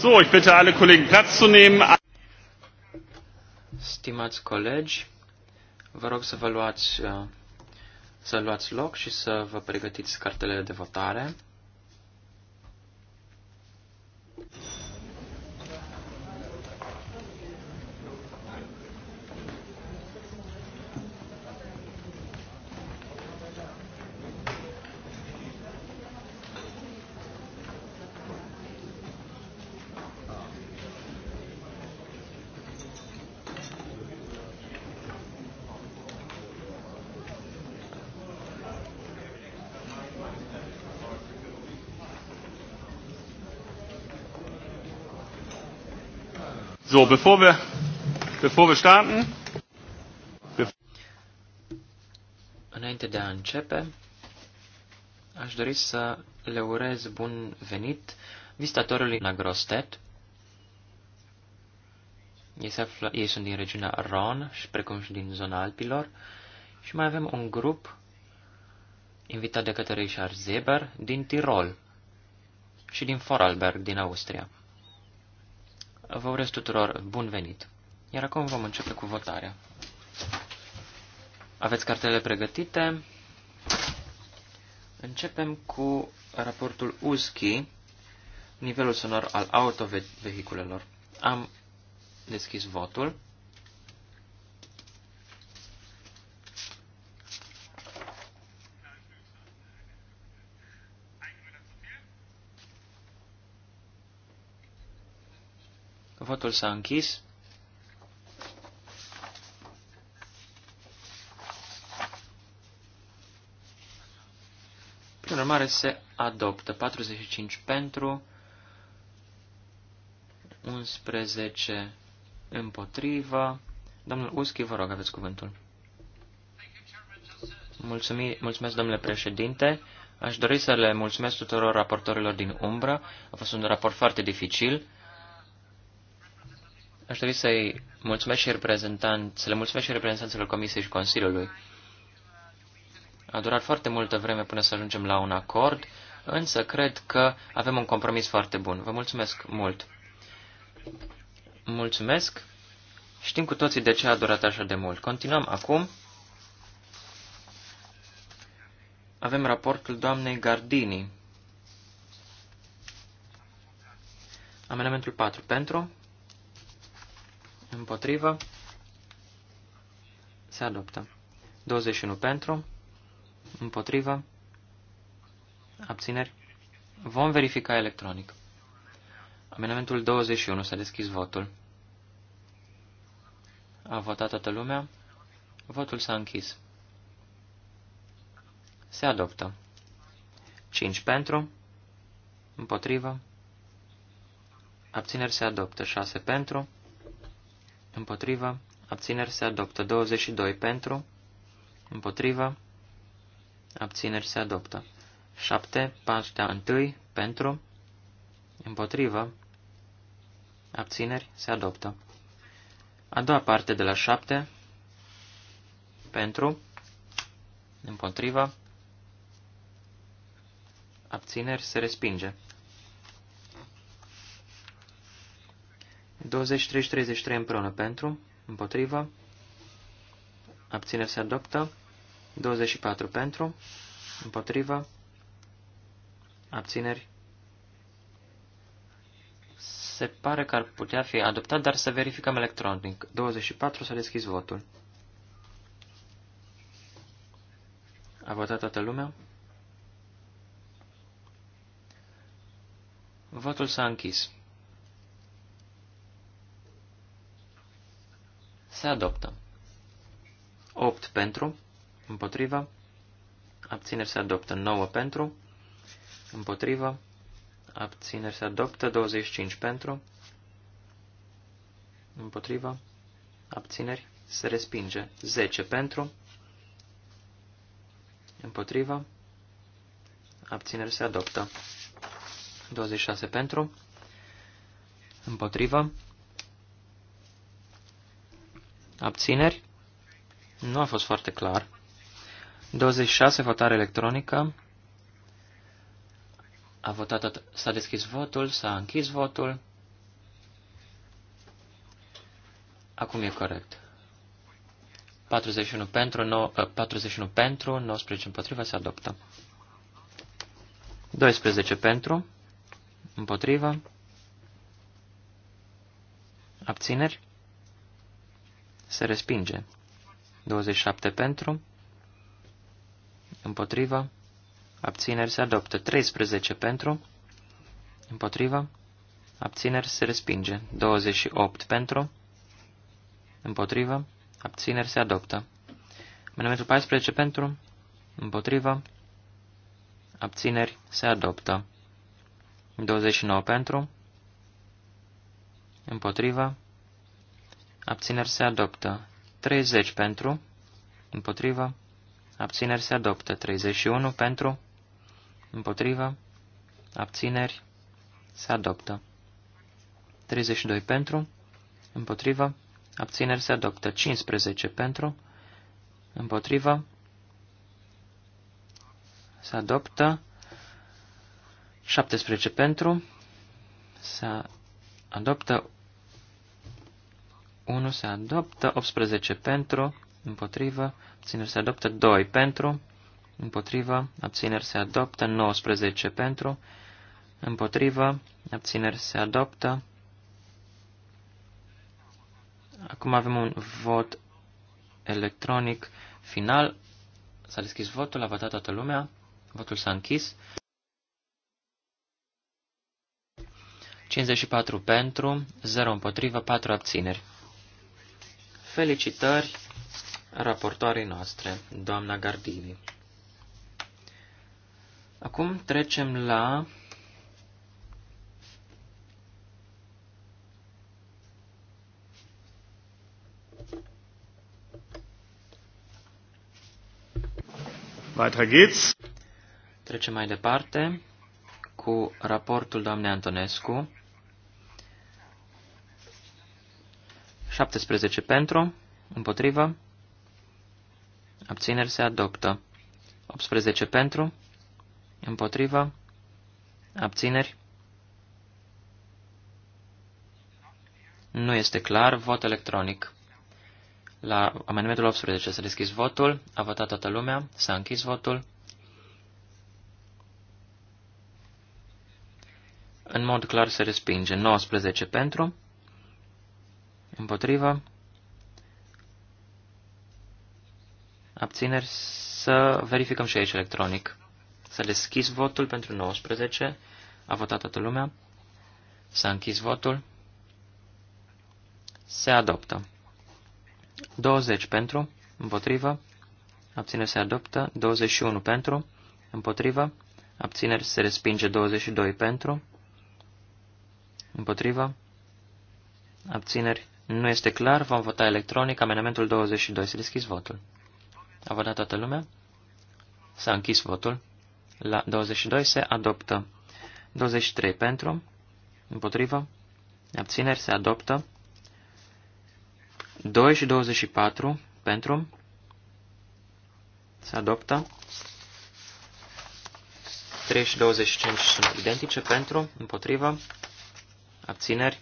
So, ich bitte alle Kollegen Platz zu nehmen. Stimați colegi, vă rog să vă luați, să luați loc și să vă pregătiți cartelele de votare. So, bevor wir, bevor wir starten, Înainte de a începe, aș dori să le urez bun venit vizitatorului la Grostet. Ei, se află, ei sunt din regiunea Ron și precum și din zona Alpilor. Și mai avem un grup invitat de către Richard Zeber din Tirol și din Vorarlberg din Austria. Vă urez tuturor bun venit. Iar acum vom începe cu votarea. Aveți cartele pregătite. Începem cu raportul USCHI, nivelul sonor al autovehiculelor. Am deschis votul. Votul s-a închis. Prin urmare, se adoptă 45 pentru, 11 împotrivă. Domnul Uschi, vă rog, aveți cuvântul. Mulțumim, mulțumesc, domnule președinte. Aș dori să le mulțumesc tuturor raportorilor din umbră. A fost un raport foarte dificil. Aș dori să-i mulțumesc și să le mulțumesc și reprezentanților Comisiei și Consiliului. A durat foarte multă vreme până să ajungem la un acord, însă cred că avem un compromis foarte bun. Vă mulțumesc mult! Mulțumesc! Știm cu toții de ce a durat așa de mult. Continuăm acum. Avem raportul doamnei Gardini. Amendamentul 4. Pentru, Împotrivă. Se adoptă. 21 pentru. Împotrivă. Abțineri. Vom verifica electronic. Amendamentul 21. S-a deschis votul. A votat toată lumea. Votul s-a închis. Se adoptă. 5 pentru. Împotrivă. Abțineri se adoptă. 6 pentru împotriva, abțineri se adoptă. 22 pentru, împotriva, abțineri se adoptă. 7, partea 1, pentru, împotriva, abțineri se adoptă. A doua parte de la 7, pentru, împotriva, abțineri se respinge. 20, 33 împreună pentru, împotrivă, abțineri se adoptă, 24 pentru, împotrivă, abțineri. Se pare că ar putea fi adoptat, dar să verificăm electronic. 24 s-a deschis votul. A votat toată lumea? Votul s-a închis. Se adoptă. 8 pentru, împotriva, abțineri se adoptă. 9 pentru, împotriva, abțineri se adoptă. 25 pentru, împotriva, abțineri se respinge. 10 pentru, împotriva, abțineri se adoptă. 26 pentru, împotriva, Abțineri? Nu a fost foarte clar. 26, votare electronică. A votat, s-a deschis votul, s-a închis votul. Acum e corect. 41 pentru, 9, 41 ă, pentru, 19 împotriva, se adoptă. 12 pentru, împotriva, abțineri se respinge. 27 pentru, împotriva, abțineri se adoptă. 13 pentru, împotriva, abțineri se respinge. 28 pentru, împotriva, abțineri se adoptă. Amendamentul 14 pentru, împotriva, abțineri se adoptă. 29 pentru, împotriva, Abțineri se adoptă. 30 pentru. Împotrivă. Abțineri se adoptă. 31 pentru. Împotrivă. Abțineri se adoptă. 32 pentru. Împotrivă. Abțineri se adoptă. 15 pentru. Împotrivă. Se adoptă. 17 pentru. Se adoptă 1 se adoptă, 18 pentru, împotrivă, abțineri se adoptă, 2 pentru, împotrivă, abțineri se adoptă, 19 pentru, împotrivă, abțineri se adoptă. Acum avem un vot electronic final. S-a deschis votul, a votat toată lumea, votul s-a închis. 54 pentru, 0 împotrivă, 4 abțineri. Felicitări raportoarei noastre, doamna Gardini. Acum trecem la Weiter geht's. Trecem mai departe cu raportul doamnei Antonescu 17 pentru, împotrivă, abțineri se adoptă. 18 pentru, împotrivă, abțineri. Nu este clar, vot electronic. La amendamentul 18 s-a deschis votul, a votat toată lumea, s-a închis votul. În mod clar se respinge 19 pentru, Împotrivă. Abțineri să verificăm și aici electronic. Să deschis votul pentru 19. A votat toată lumea. S-a închis votul. Se adoptă. 20 pentru, împotrivă, abțineri se adoptă, 21 pentru, împotrivă, abțineri se respinge 22 pentru, împotrivă, abțineri nu este clar, vom vota electronic amendamentul 22. Să deschizi votul. A votat toată lumea? S-a închis votul. La 22 se adoptă. 23 pentru, împotrivă, abțineri se adoptă. 2 și 24 pentru, se adoptă. 3 și 25 sunt identice pentru, împotrivă, abțineri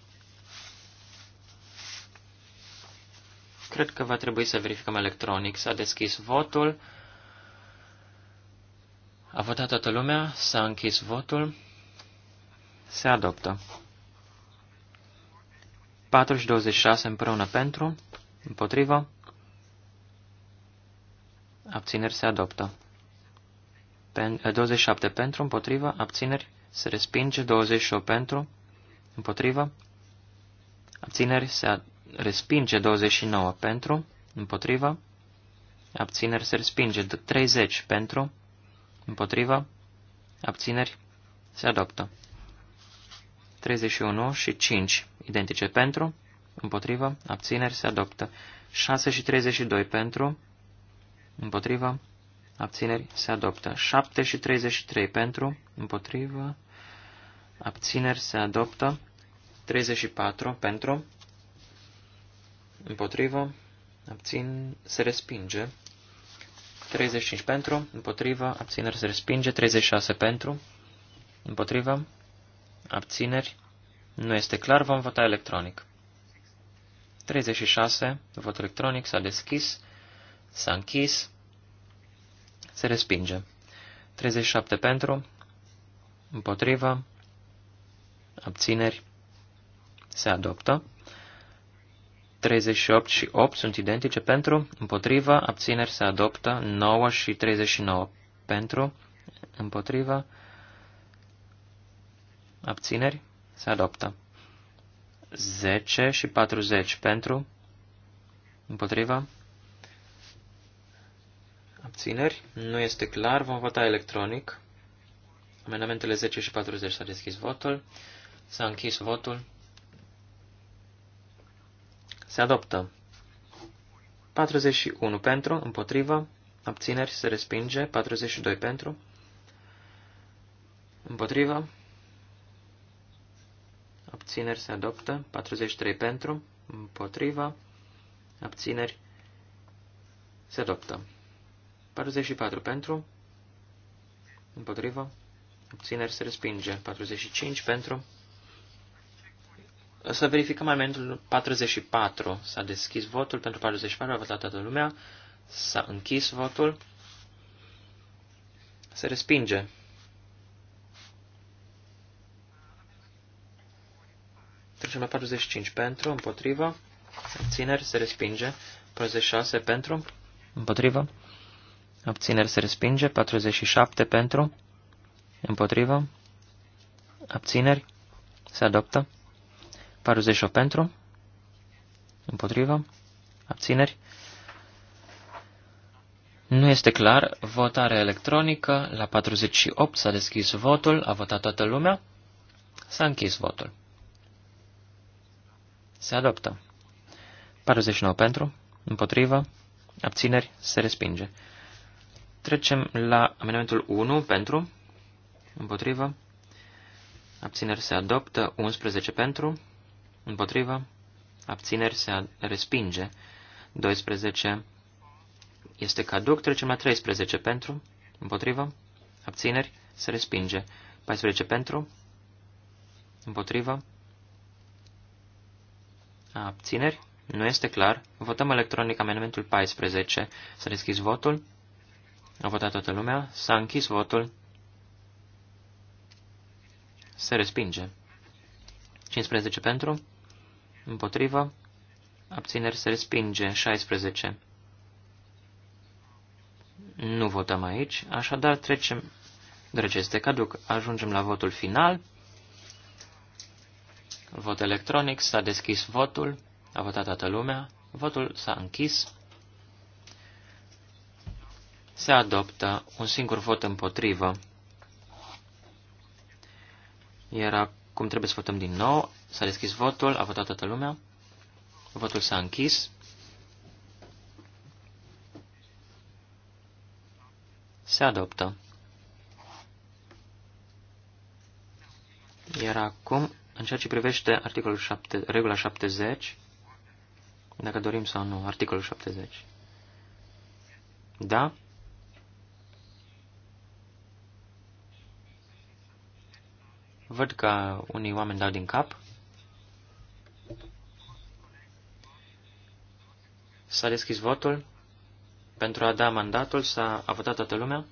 Cred că va trebui să verificăm electronic. S-a deschis votul. A votat toată lumea. S-a închis votul. Se adoptă. 4 și 26 împreună pentru, împotrivă, abțineri se adoptă. 27 eh, pentru, împotrivă, abțineri se respinge, 28 pentru, împotrivă, abțineri se respinge 29 pentru, împotriva, abțineri se respinge 30 pentru, împotriva, abțineri se adoptă. 31 și 5 identice pentru, împotriva, abțineri se adoptă. 6 și 32 pentru, împotriva, abțineri se adoptă. 7 și 33 pentru, împotriva, abțineri se adoptă. 34 pentru, împotrivă, abțin, se respinge. 35 pentru, împotrivă, abțineri se respinge, 36 pentru, împotrivă, abțineri, nu este clar, vom vota electronic. 36, vot electronic, s-a deschis, s-a închis, se respinge. 37 pentru, împotrivă, abțineri, se adoptă. 38 și 8 sunt identice pentru, împotriva, abțineri se adoptă, 9 și 39 pentru, împotriva, abțineri se adoptă, 10 și 40 pentru, împotriva, abțineri, nu este clar, vom vota electronic, amendamentele 10 și 40 s-a deschis votul, s-a închis votul, se adoptă. 41 pentru, împotriva, abțineri, se respinge. 42 pentru, împotriva, abțineri, se adoptă. 43 pentru, împotriva, abțineri, se adoptă. 44 pentru, împotriva, abțineri, se respinge. 45 pentru, să verificăm amendul 44. S-a deschis votul pentru 44, a votat toată lumea. S-a închis votul. Se respinge. Trecem la 45 pentru, împotriva. Abțineri se respinge. 46 pentru, împotriva. Abțineri se respinge. 47 pentru, împotriva. Abțineri se adoptă. 48 pentru, împotrivă, abțineri. Nu este clar, votare electronică, la 48 s-a deschis votul, a votat toată lumea, s-a închis votul. Se adoptă. 49 pentru, împotrivă, abțineri, se respinge. Trecem la amendamentul 1 pentru, împotrivă, abțineri se adoptă, 11 pentru, împotriva, abțineri se respinge, 12 este caduc, trecem la 13 pentru, împotriva, abțineri se respinge, 14 pentru, împotriva, abțineri, nu este clar, votăm electronic amendamentul 14, s-a deschis votul, a votat toată lumea, s-a închis votul, se respinge. 15 pentru, Împotrivă. Abțineri se respinge. 16. Nu votăm aici, așadar trecem, drăge, este caduc, ajungem la votul final. Vot electronic, s-a deschis votul, a votat toată lumea, votul s-a închis. Se adoptă un singur vot împotrivă. Iar acum trebuie să votăm din nou S-a deschis votul, a votat toată lumea. Votul s-a închis. Se adoptă. Iar acum, în ceea ce privește articolul 7, regula 70, dacă dorim sau nu, articolul 70. Da? Văd că unii oameni dau din cap. S-a deschis votul. Pentru a da mandatul s-a a votat toată lumea.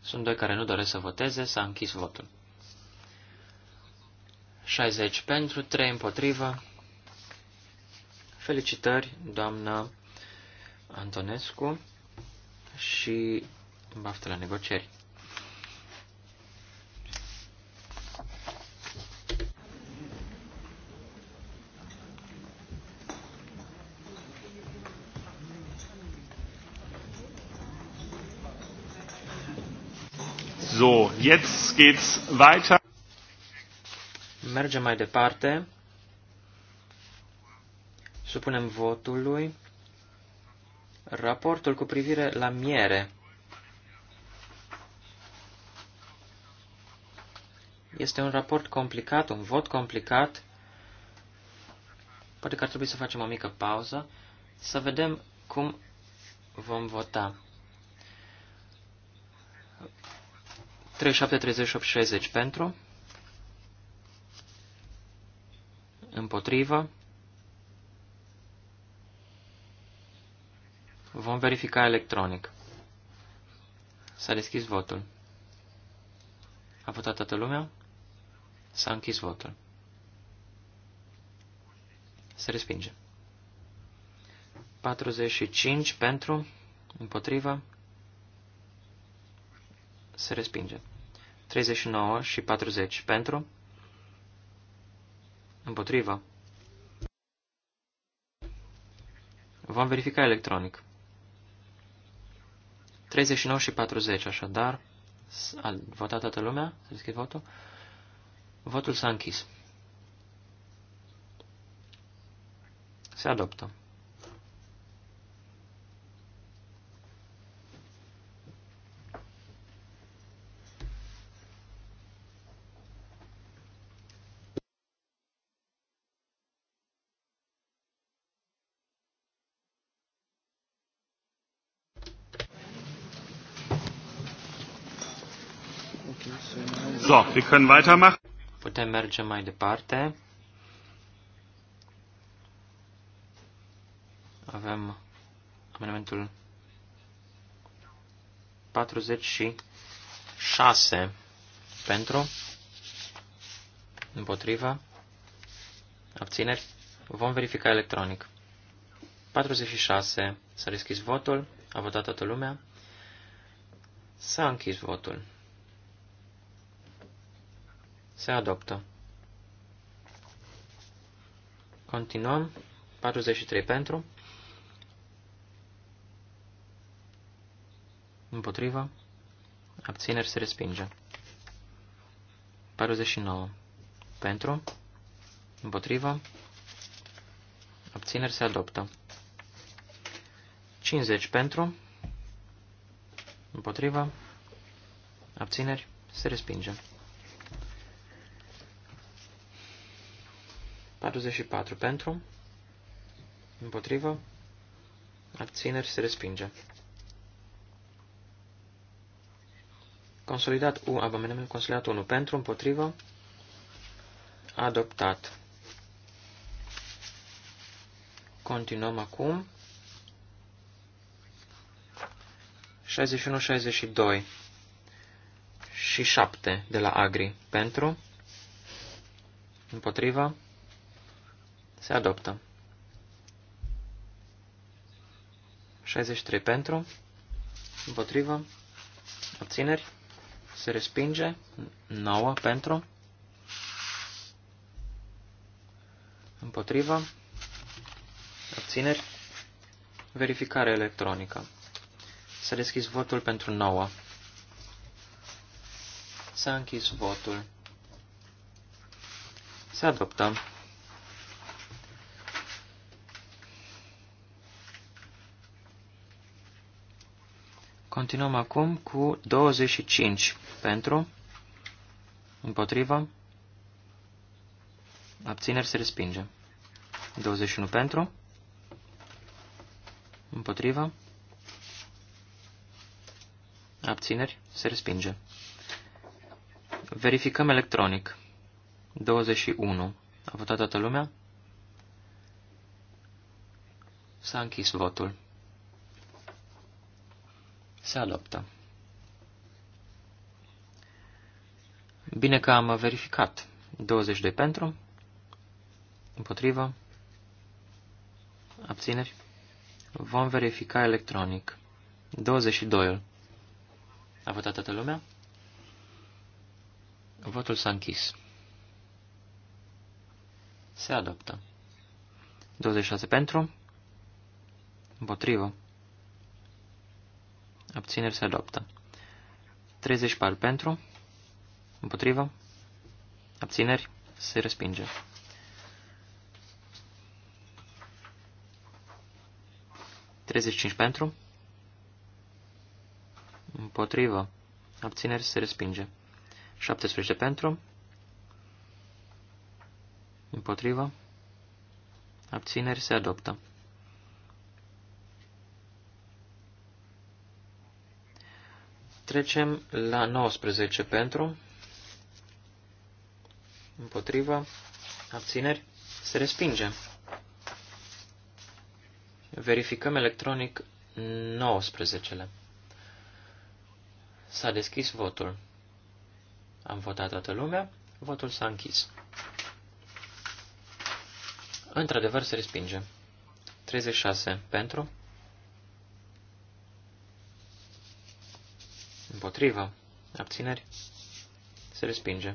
Sunt doi care nu doresc să voteze, s-a închis votul. 60 pentru, 3 împotrivă. Felicitări, doamnă Antonescu și baftă la negocieri. Jetzt geht's weiter. Mergem mai departe. Supunem votului raportul cu privire la miere. Este un raport complicat, un vot complicat. Poate că ar trebui să facem o mică pauză, să vedem cum vom vota. 37, 38, 60 pentru, împotrivă, vom verifica electronic. S-a deschis votul. A votat toată lumea? S-a închis votul. Se respinge. 45 pentru, împotriva, se respinge. 39 și 40 pentru, împotriva. Vom verifica electronic. 39 și 40, așadar, a votat toată lumea, să deschid votul. Votul s-a închis. Se adoptă. So, wir können weitermachen. Putem merge mai departe. Avem amendamentul 46 pentru, împotriva, abțineri. Vom verifica electronic. 46. S-a deschis votul. A votat toată lumea. S-a închis votul. Se adoptă. Continuăm. 43 pentru. Împotriva. Abțineri se respinge. 49. Pentru. Împotriva. Abțineri se adoptă. 50 pentru. Împotriva. Abțineri se respinge. 44 pentru, împotrivă, abțineri se respinge. Consolidat U, abamenament consolidat 1 pentru, împotrivă, adoptat. Continuăm acum. 61, 62 și 7 de la Agri pentru, împotriva, se adoptă. 63 pentru, împotrivă, obțineri, se respinge, 9 pentru, împotrivă, obțineri, verificare electronică. S-a deschis votul pentru 9. S-a închis votul. Se adoptă. Continuăm acum cu 25 pentru, împotrivă, abțineri se respinge. 21 pentru, împotrivă, abțineri se respinge. Verificăm electronic. 21. A votat toată lumea? S-a închis votul. Se adoptă. Bine că am verificat. 22 pentru, împotrivă, abțineri. Vom verifica electronic. 22. A votat toată lumea? Votul s-a închis. Se adoptă. 26 pentru, împotrivă, abțineri se adoptă. 34 pentru, împotrivă, abțineri se respinge. Treizeci cinci pentru, împotrivă, abțineri se respinge. 17 pentru, împotrivă, abțineri se adoptă. Trecem la 19 pentru, împotriva, abțineri, se respinge. Verificăm electronic 19-le. S-a deschis votul. Am votat toată lumea, votul s-a închis. Într-adevăr se respinge. 36 pentru, împotriva, abțineri, se respinge.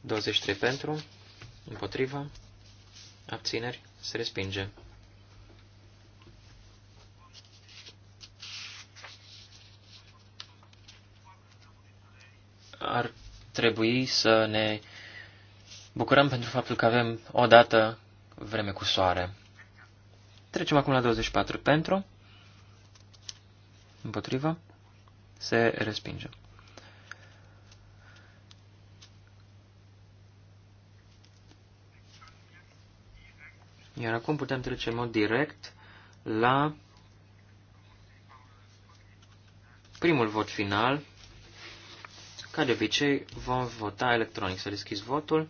23 pentru, împotriva, abțineri, se respinge. Ar trebui să ne bucurăm pentru faptul că avem o dată vreme cu soare. Trecem acum la 24 pentru, împotriva, se respinge. Iar acum putem trece în mod direct la primul vot final. Ca de obicei, vom vota electronic. Să deschizi votul.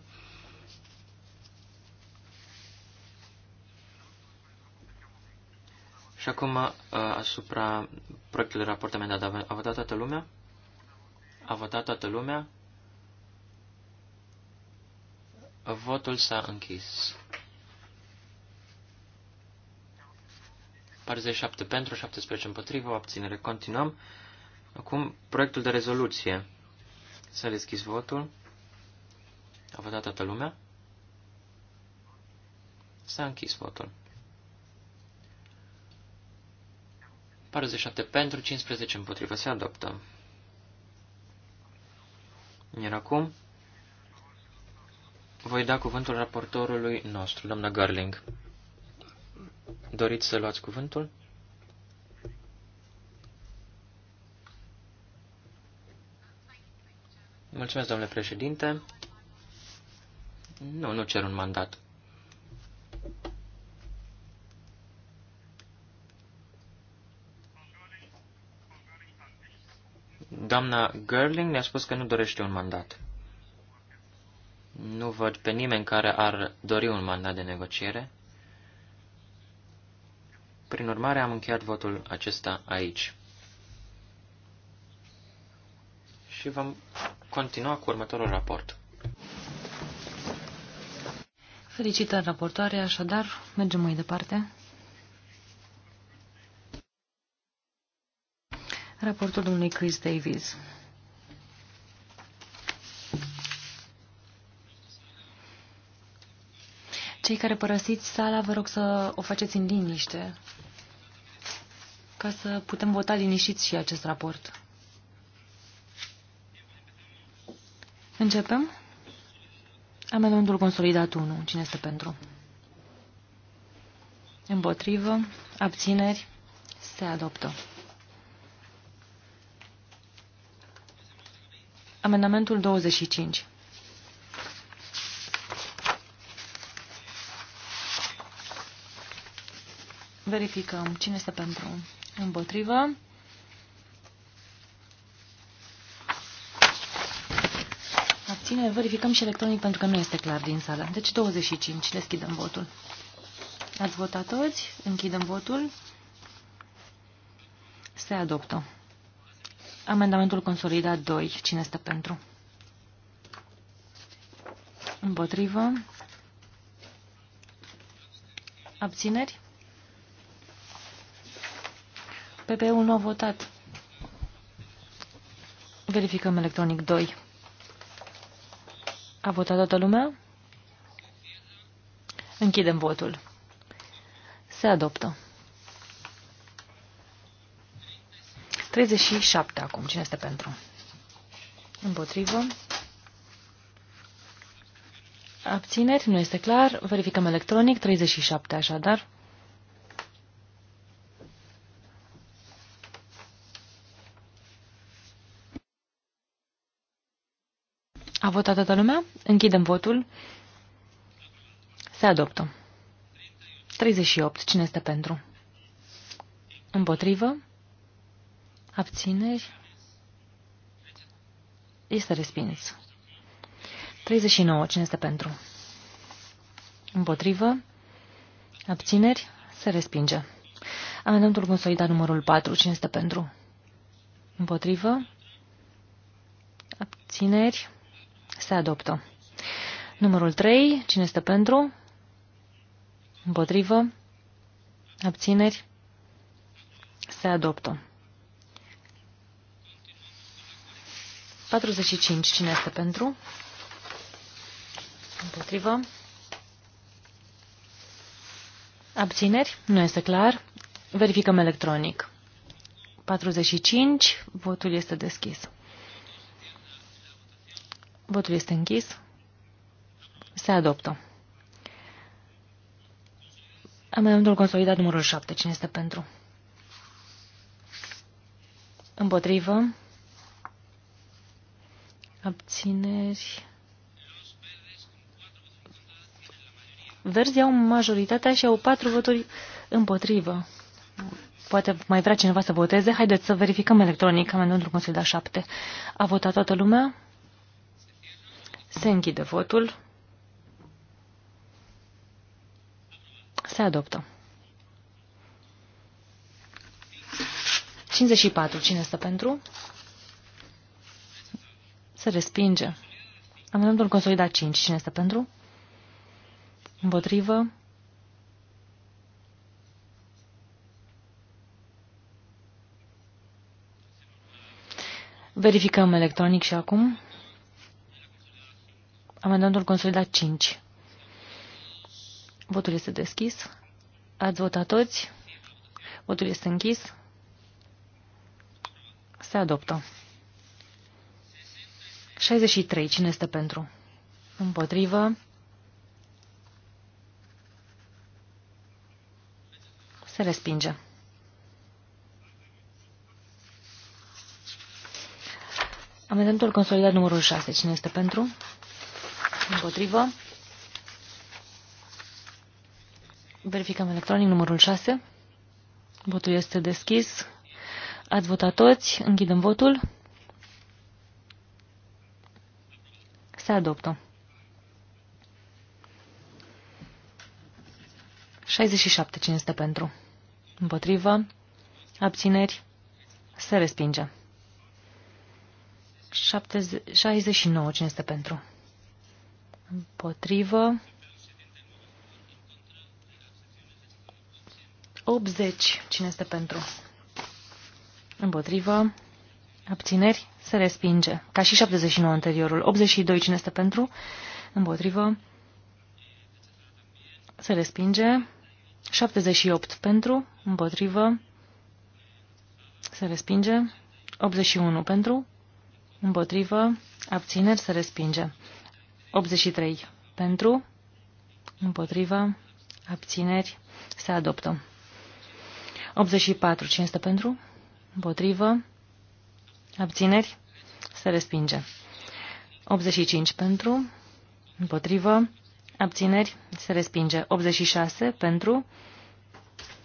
Și acum uh, asupra proiectului raport amendat. A votat toată lumea? A votat toată lumea? Votul s-a închis. 47 pentru, 17 împotrivă, abținere. Continuăm. Acum, proiectul de rezoluție. S-a deschis votul. A votat toată lumea. S-a închis votul. 47 pentru, 15 împotrivă. Se adoptă. Iar acum voi da cuvântul raportorului nostru, doamna Garling. Doriți să luați cuvântul? Mulțumesc, domnule președinte. Nu, nu cer un mandat. Doamna Gerling mi a spus că nu dorește un mandat. Nu văd pe nimeni care ar dori un mandat de negociere. Prin urmare, am încheiat votul acesta aici. Și vom continua cu următorul raport. Felicitări raportoare, așadar, mergem mai departe. Raportul domnului Chris Davis. Cei care părăsiți sala, vă rog să o faceți în liniște, ca să putem vota liniștiți și acest raport. Începem? Amendamentul consolidat 1. Cine este pentru? Împotrivă. Abțineri. Se adoptă. Amendamentul 25. Verificăm cine este pentru împotrivă. Abține, verificăm și electronic pentru că nu este clar din sală. Deci 25, deschidem votul. Ați votat toți, închidem votul. Se adoptă. Amendamentul consolidat 2. Cine este pentru? Împotrivă. Abțineri? PP-ul nu a votat. Verificăm electronic 2. A votat toată lumea? Închidem votul. Se adoptă. 37 acum. Cine este pentru? Împotrivă. Abțineri, nu este clar. Verificăm electronic. 37 așadar. A votat toată lumea? Închidem votul. Se adoptă. 38. Cine este pentru? Împotrivă? Abțineri. Este respins. 39. Cine este pentru? Împotrivă. Abțineri. Se respinge. Amendamentul consolidat numărul 4. Cine este pentru? Împotrivă. Abțineri. Se adoptă. Numărul 3. Cine este pentru? Împotrivă. Abțineri. Se adoptă. 45. Cine este pentru? Împotrivă. Abțineri? Nu este clar. Verificăm electronic. 45. Votul este deschis. Votul este închis. Se adoptă. Amendamentul consolidat numărul 7. Cine este pentru? Împotrivă. Abțineri. Verzi au majoritatea și au patru voturi împotrivă. Poate mai vrea cineva să voteze. Haideți să verificăm electronic amendamentul Consiliul de 7. A votat toată lumea? Se închide votul. Se adoptă. 54. Cine stă pentru? Se respinge. Amendamentul consolidat 5. Cine este pentru? Împotrivă. Verificăm electronic și acum. Amendamentul consolidat 5. Votul este deschis. Ați votat toți. Votul este închis. Se adoptă. 63. Cine este pentru? Împotrivă. Se respinge. Amendamentul consolidat numărul 6. Cine este pentru? Împotrivă. Verificăm electronic numărul 6. Votul este deschis. Ați votat toți. Închidem votul. se adoptă. 67. Cine este pentru? Împotrivă. Abțineri. Se respinge. 70, 69. Cine este pentru? Împotrivă. 80. Cine este pentru? Împotrivă. Abțineri se respinge. Ca și 79 anteriorul. 82 cine este pentru? Împotrivă. Se respinge. 78 pentru. Împotrivă. Se respinge. 81 pentru. Împotrivă. Abțineri se respinge. 83 pentru. Împotrivă. Abțineri se adoptă. 84 cine este pentru? Împotrivă. Abțineri? Se respinge. 85 pentru. Împotrivă. Abțineri? Se respinge. 86 pentru.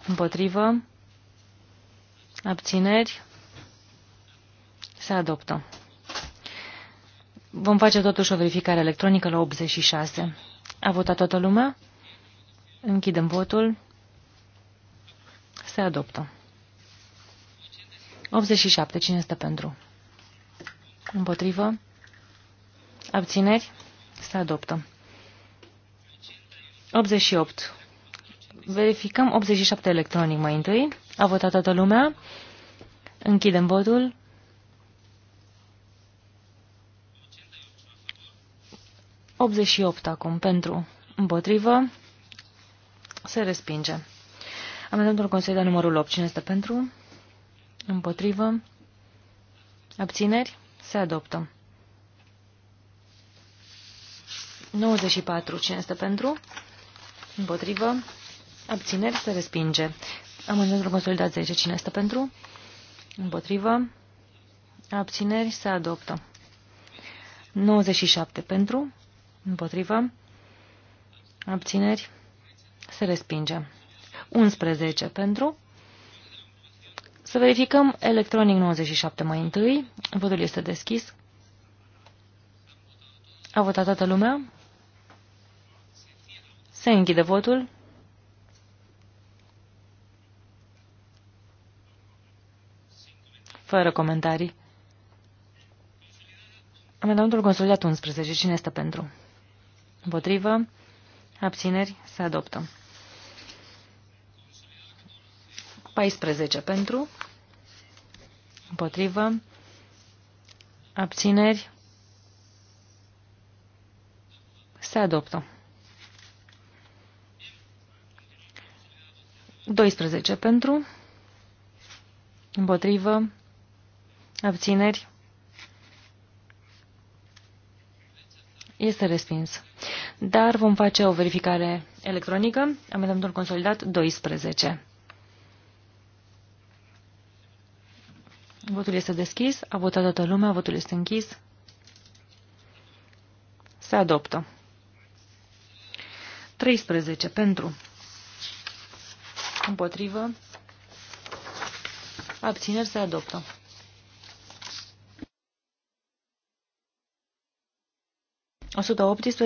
Împotrivă. Abțineri? Se adoptă. Vom face totuși o verificare electronică la 86. A votat toată lumea? Închidem votul. Se adoptă. 87. Cine este pentru? Împotrivă. Abțineri. Se adoptă. 88. Verificăm 87 electronic mai întâi. A votat toată lumea. Închidem votul. 88 acum pentru împotrivă. Se respinge. Amendamentul Consiliului numărul 8. Cine este pentru? Împotrivă. Abțineri? Se adoptă. 94. Cine este pentru? Împotrivă. Abțineri. Se respinge. Amendamentul consolidat 10. Cine este pentru? Împotrivă. Abțineri. Se adoptă. 97. Pentru? Împotrivă. Abțineri. Se respinge. 11. Pentru? Să verificăm electronic 97 mai întâi. Votul este deschis. A votat toată lumea? Se închide votul. Fără comentarii. Amendamentul consolidat 11. Cine este pentru? Împotrivă? Abțineri? Se adoptă. 14 pentru, împotrivă, abțineri, se adoptă. 12 pentru, împotrivă, abțineri, este respins. Dar vom face o verificare electronică, amendamentul consolidat 12. Votul este deschis. A votat toată lumea. Votul este închis. Se adoptă. 13 pentru. Împotrivă. Abțineri se adoptă.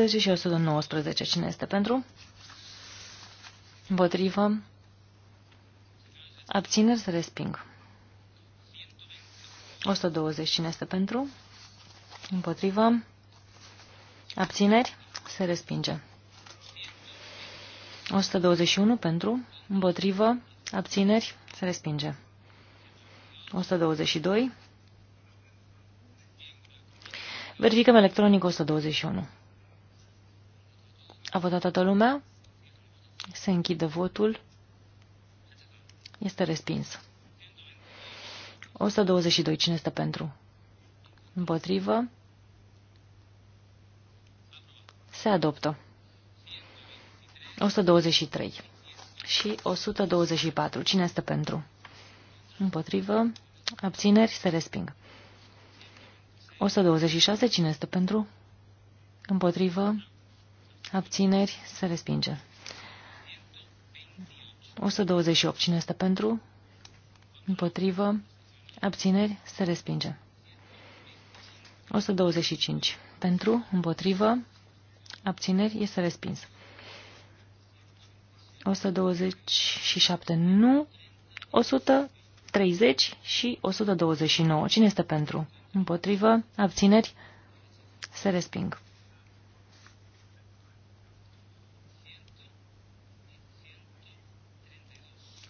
...118 și 119. Cine este pentru? Împotrivă. Abțineri se resping. 120. Cine este pentru? Împotrivă. Abțineri. Se respinge. 121 pentru. Împotrivă. Abțineri. Se respinge. 122. Verificăm electronic 121. A votat toată lumea? Se închide votul. Este respins. 122. Cine este pentru? Împotrivă. Se adoptă. 123 și 124. Cine este pentru? Împotrivă. Abțineri. Se resping. 126. Cine este pentru? Împotrivă. Abțineri. Se respinge. 128. Cine este pentru? Împotrivă. Abțineri se respinge. 125. Pentru, împotrivă, abțineri este respins. 127. Nu. 130 și 129. Cine este pentru? Împotrivă, abțineri se resping.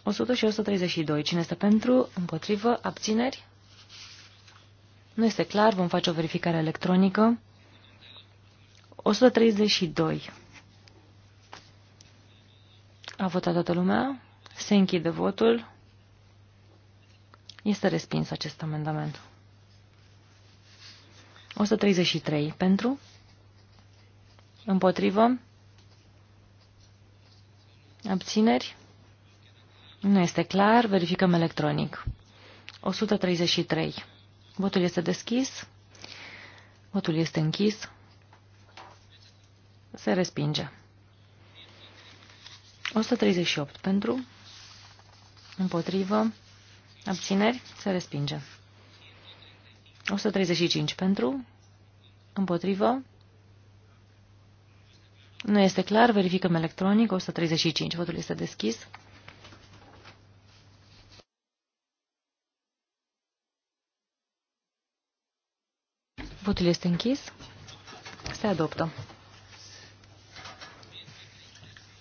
100 și 132. Cine este pentru? Împotrivă? Abțineri? Nu este clar. Vom face o verificare electronică. 132. A votat toată lumea. Se închide votul. Este respins acest amendament. 133. Pentru? Împotrivă? Abțineri? Nu este clar. Verificăm electronic. 133. Votul este deschis. Votul este închis. Se respinge. 138 pentru, împotrivă, abțineri, se respinge. 135 pentru, împotrivă, nu este clar, verificăm electronic, 135, votul este deschis. Votul este închis. Se adoptă.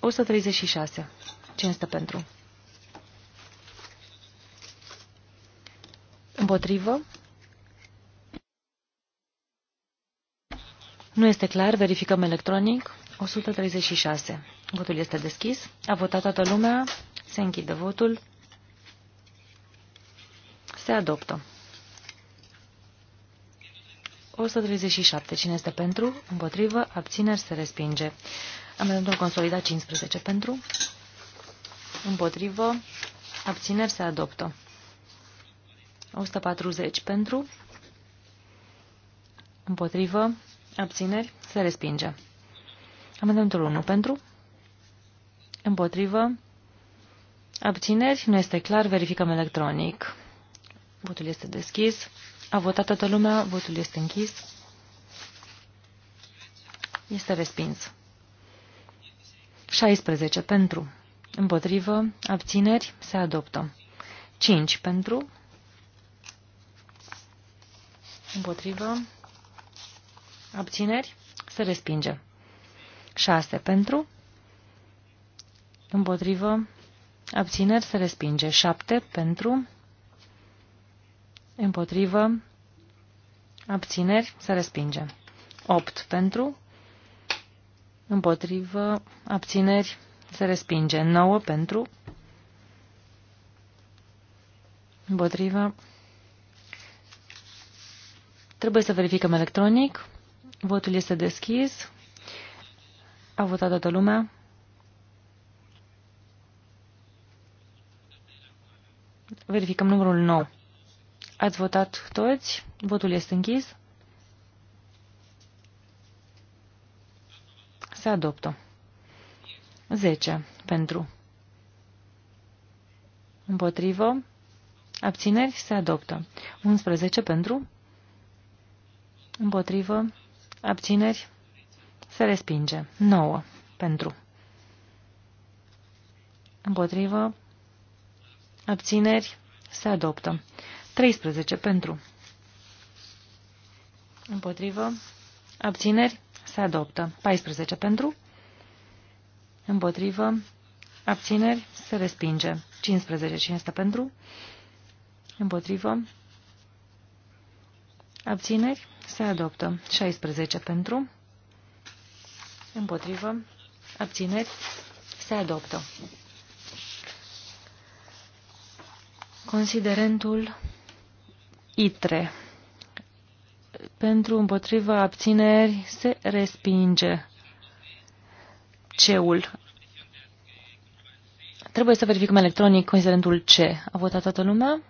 136. Cine stă pentru? Împotrivă? Nu este clar. Verificăm electronic. 136. Votul este deschis. A votat toată lumea. Se închide votul. Se adoptă. 137. Cine este pentru? Împotrivă. Abțineri se respinge. Amendamentul consolidat 15. Pentru? Împotrivă. Abțineri se adoptă. 140. Pentru? Împotrivă. Abțineri se respinge. Amendamentul 1. Pentru? Împotrivă. Abțineri nu este clar. Verificăm electronic. Votul este deschis. A votat toată lumea, votul este închis. Este respins. 16 pentru, împotrivă, abțineri, se adoptă. 5 pentru, împotrivă, abțineri, se respinge. 6 pentru, împotrivă, abțineri, se respinge. 7 pentru, Împotrivă. Abțineri. Se respinge. 8 pentru. Împotrivă. Abțineri. Se respinge. 9 pentru. Împotrivă. Trebuie să verificăm electronic. Votul este deschis. A votat toată lumea. Verificăm numărul 9. Ați votat toți? Votul este închis. Se adoptă. 10. Pentru. Împotrivă. Abțineri. Se adoptă. 11. Pentru. Împotrivă. Abțineri. Se respinge. 9. Pentru. Împotrivă. Abțineri. Se adoptă. 13 pentru. Împotrivă. Abțineri. Se adoptă. 14 pentru. Împotrivă. Abțineri. Se respinge. 15. Cine este pentru? Împotrivă. Abțineri. Se adoptă. 16 pentru. Împotrivă. Abțineri. Se adoptă. Considerentul ITRE. Pentru împotriva abțineri se respinge ceul. Trebuie să verificăm electronic considerentul C. A votat toată lumea?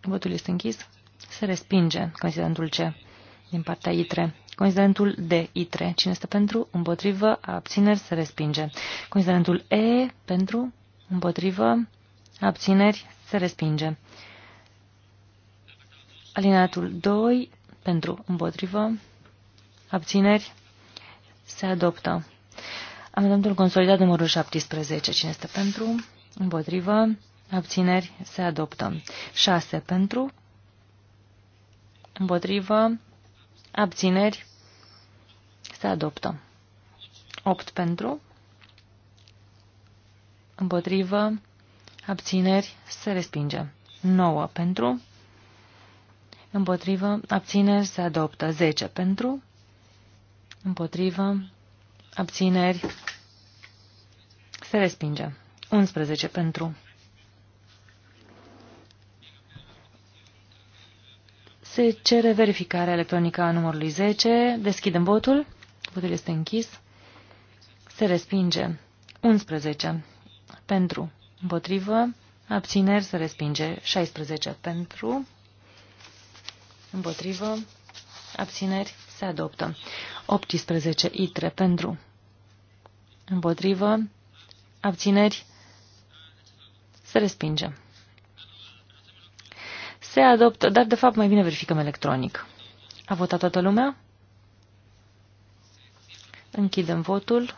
Votul este închis. Se respinge considerentul C din partea ITRE. Considerentul D, ITRE. Cine este pentru? Împotrivă. Abțineri. Se respinge. Considerentul E, pentru? Împotrivă. Abțineri. Se respinge. Alineatul 2 pentru împotrivă. Abțineri se adoptă. Amendamentul consolidat numărul 17. Cine este pentru? Împotrivă. Abțineri se adoptă. 6 pentru. Împotrivă. Abțineri se adoptă. 8 pentru. Împotrivă. Abțineri se respinge. 9 pentru. Împotrivă. Abțineri se adoptă. 10 pentru. Împotrivă. Abțineri. Se respinge. 11 pentru. Se cere verificarea electronică a numărului 10. Deschidem votul. Votul este închis. Se respinge. 11. Pentru. Împotrivă. Abțineri se respinge. 16. Pentru. Împotrivă. Abțineri. Se adoptă. 18. ITRE. Pentru. Împotrivă. Abțineri. Se respinge. Se adoptă, dar de fapt mai bine verificăm electronic. A votat toată lumea? Închidem votul.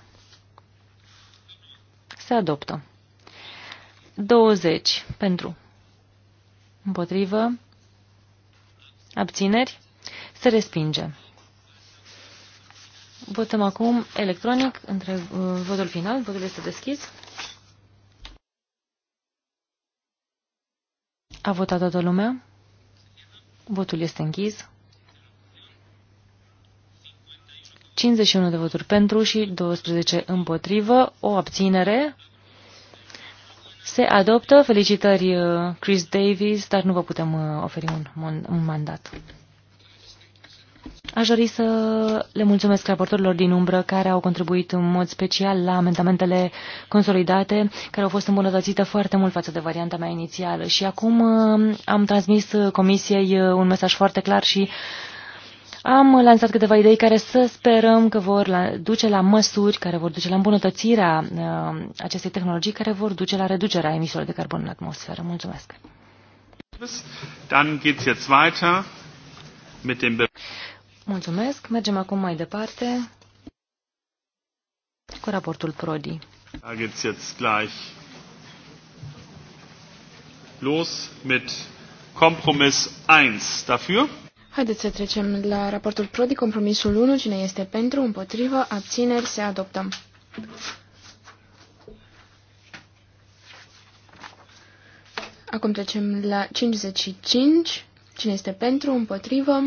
Se adoptă. 20 pentru. Împotrivă. Abțineri? Se respinge. Votăm acum electronic între uh, votul final. Votul este deschis. A votat toată lumea. Votul este închis. 51 de voturi pentru și 12 împotrivă, o abținere. Se adoptă. Felicitări uh, Chris Davis, dar nu vă putem uh, oferi un, un mandat. Aș dori să le mulțumesc raportorilor din umbră care au contribuit în mod special la amendamentele consolidate, care au fost îmbunătățite foarte mult față de varianta mea inițială. Și acum uh, am transmis Comisiei un mesaj foarte clar și am lansat câteva idei care să sperăm că vor duce la măsuri care vor duce la îmbunătățirea uh, acestei tehnologii, care vor duce la reducerea emisiilor de carbon în atmosferă. Mulțumesc! Dann geht's jetzt weiter mit dem Mulțumesc. Mergem acum mai departe cu raportul Prodi. Da geht's jetzt gleich los mit Kompromiss 1. Dafür? Haideți să trecem la raportul Prodi, compromisul 1. Cine este pentru, împotrivă, abțineri, se adoptăm Acum trecem la 55. Cine este pentru, împotrivă?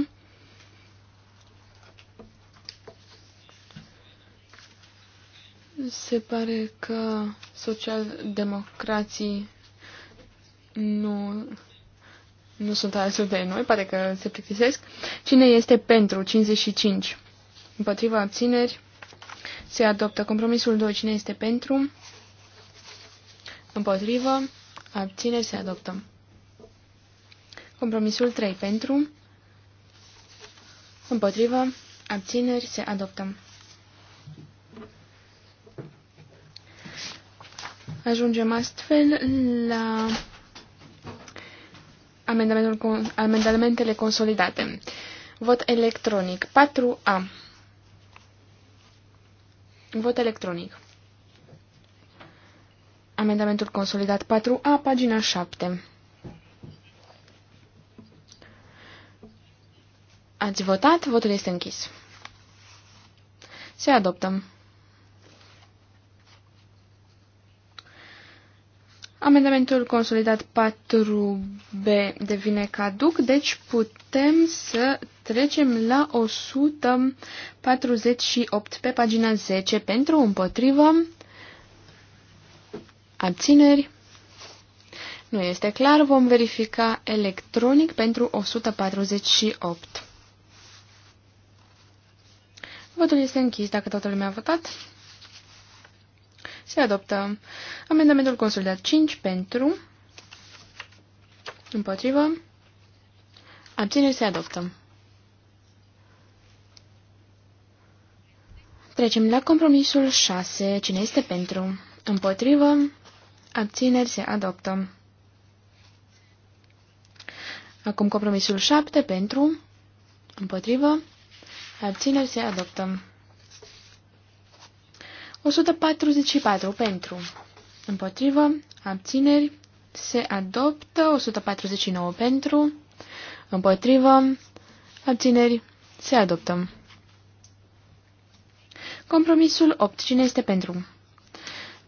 Se pare că socialdemocrații nu nu sunt alături de noi, pare că se plictisesc. Cine este pentru 55? Împotriva abțineri se adoptă. Compromisul 2. Cine este pentru? Împotrivă. Abțineri se adoptă. Compromisul 3. Pentru. Împotrivă. Abțineri se adoptă. Ajungem astfel la amendamentele consolidate. Vot electronic. 4A. Vot electronic. Amendamentul consolidat 4A, pagina 7. Ați votat, votul este închis. Se adoptăm. Amendamentul consolidat 4B devine caduc, deci putem să trecem la 148 pe pagina 10 pentru împotrivă abțineri. Nu este clar, vom verifica electronic pentru 148. Votul este închis dacă toată lumea a votat. Se adoptă amendamentul consolidat 5 pentru, împotrivă, abțineri se adoptă. Trecem la compromisul 6. Cine este pentru? Împotrivă, abțineri se adoptă. Acum compromisul 7 pentru, împotrivă, abțineri se adoptă. 144 pentru. Împotrivă. Abțineri. Se adoptă. 149 pentru. Împotrivă. Abțineri. Se adoptă. Compromisul 8. Cine este pentru?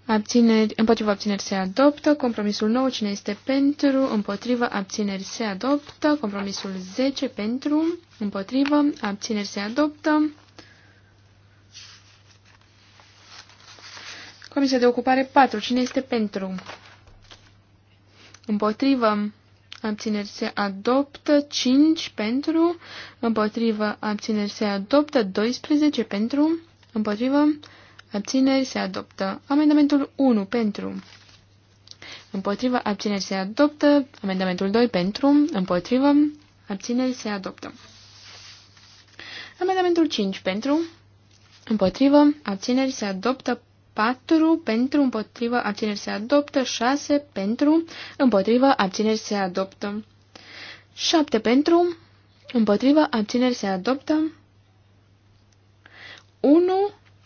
Abțineri, împotriva abțineri se adoptă. Compromisul 9. Cine este pentru? Împotriva abțineri se adoptă. Compromisul 10. Pentru. Împotriva abțineri se adoptă. Comisia de ocupare 4. Cine este pentru? Împotrivă. Abțineri se adoptă 5 pentru, împotrivă abțineri se adoptă 12 pentru, împotrivă abțineri se adoptă amendamentul 1 pentru, împotrivă abțineri se adoptă amendamentul 2 pentru, împotrivă abțineri se adoptă. Amendamentul 5 pentru, împotrivă abțineri se adoptă 4 pentru împotrivă abțineri se adoptă, 6 pentru împotrivă abțineri se adoptă, 7 pentru împotrivă abțineri se adoptă, 1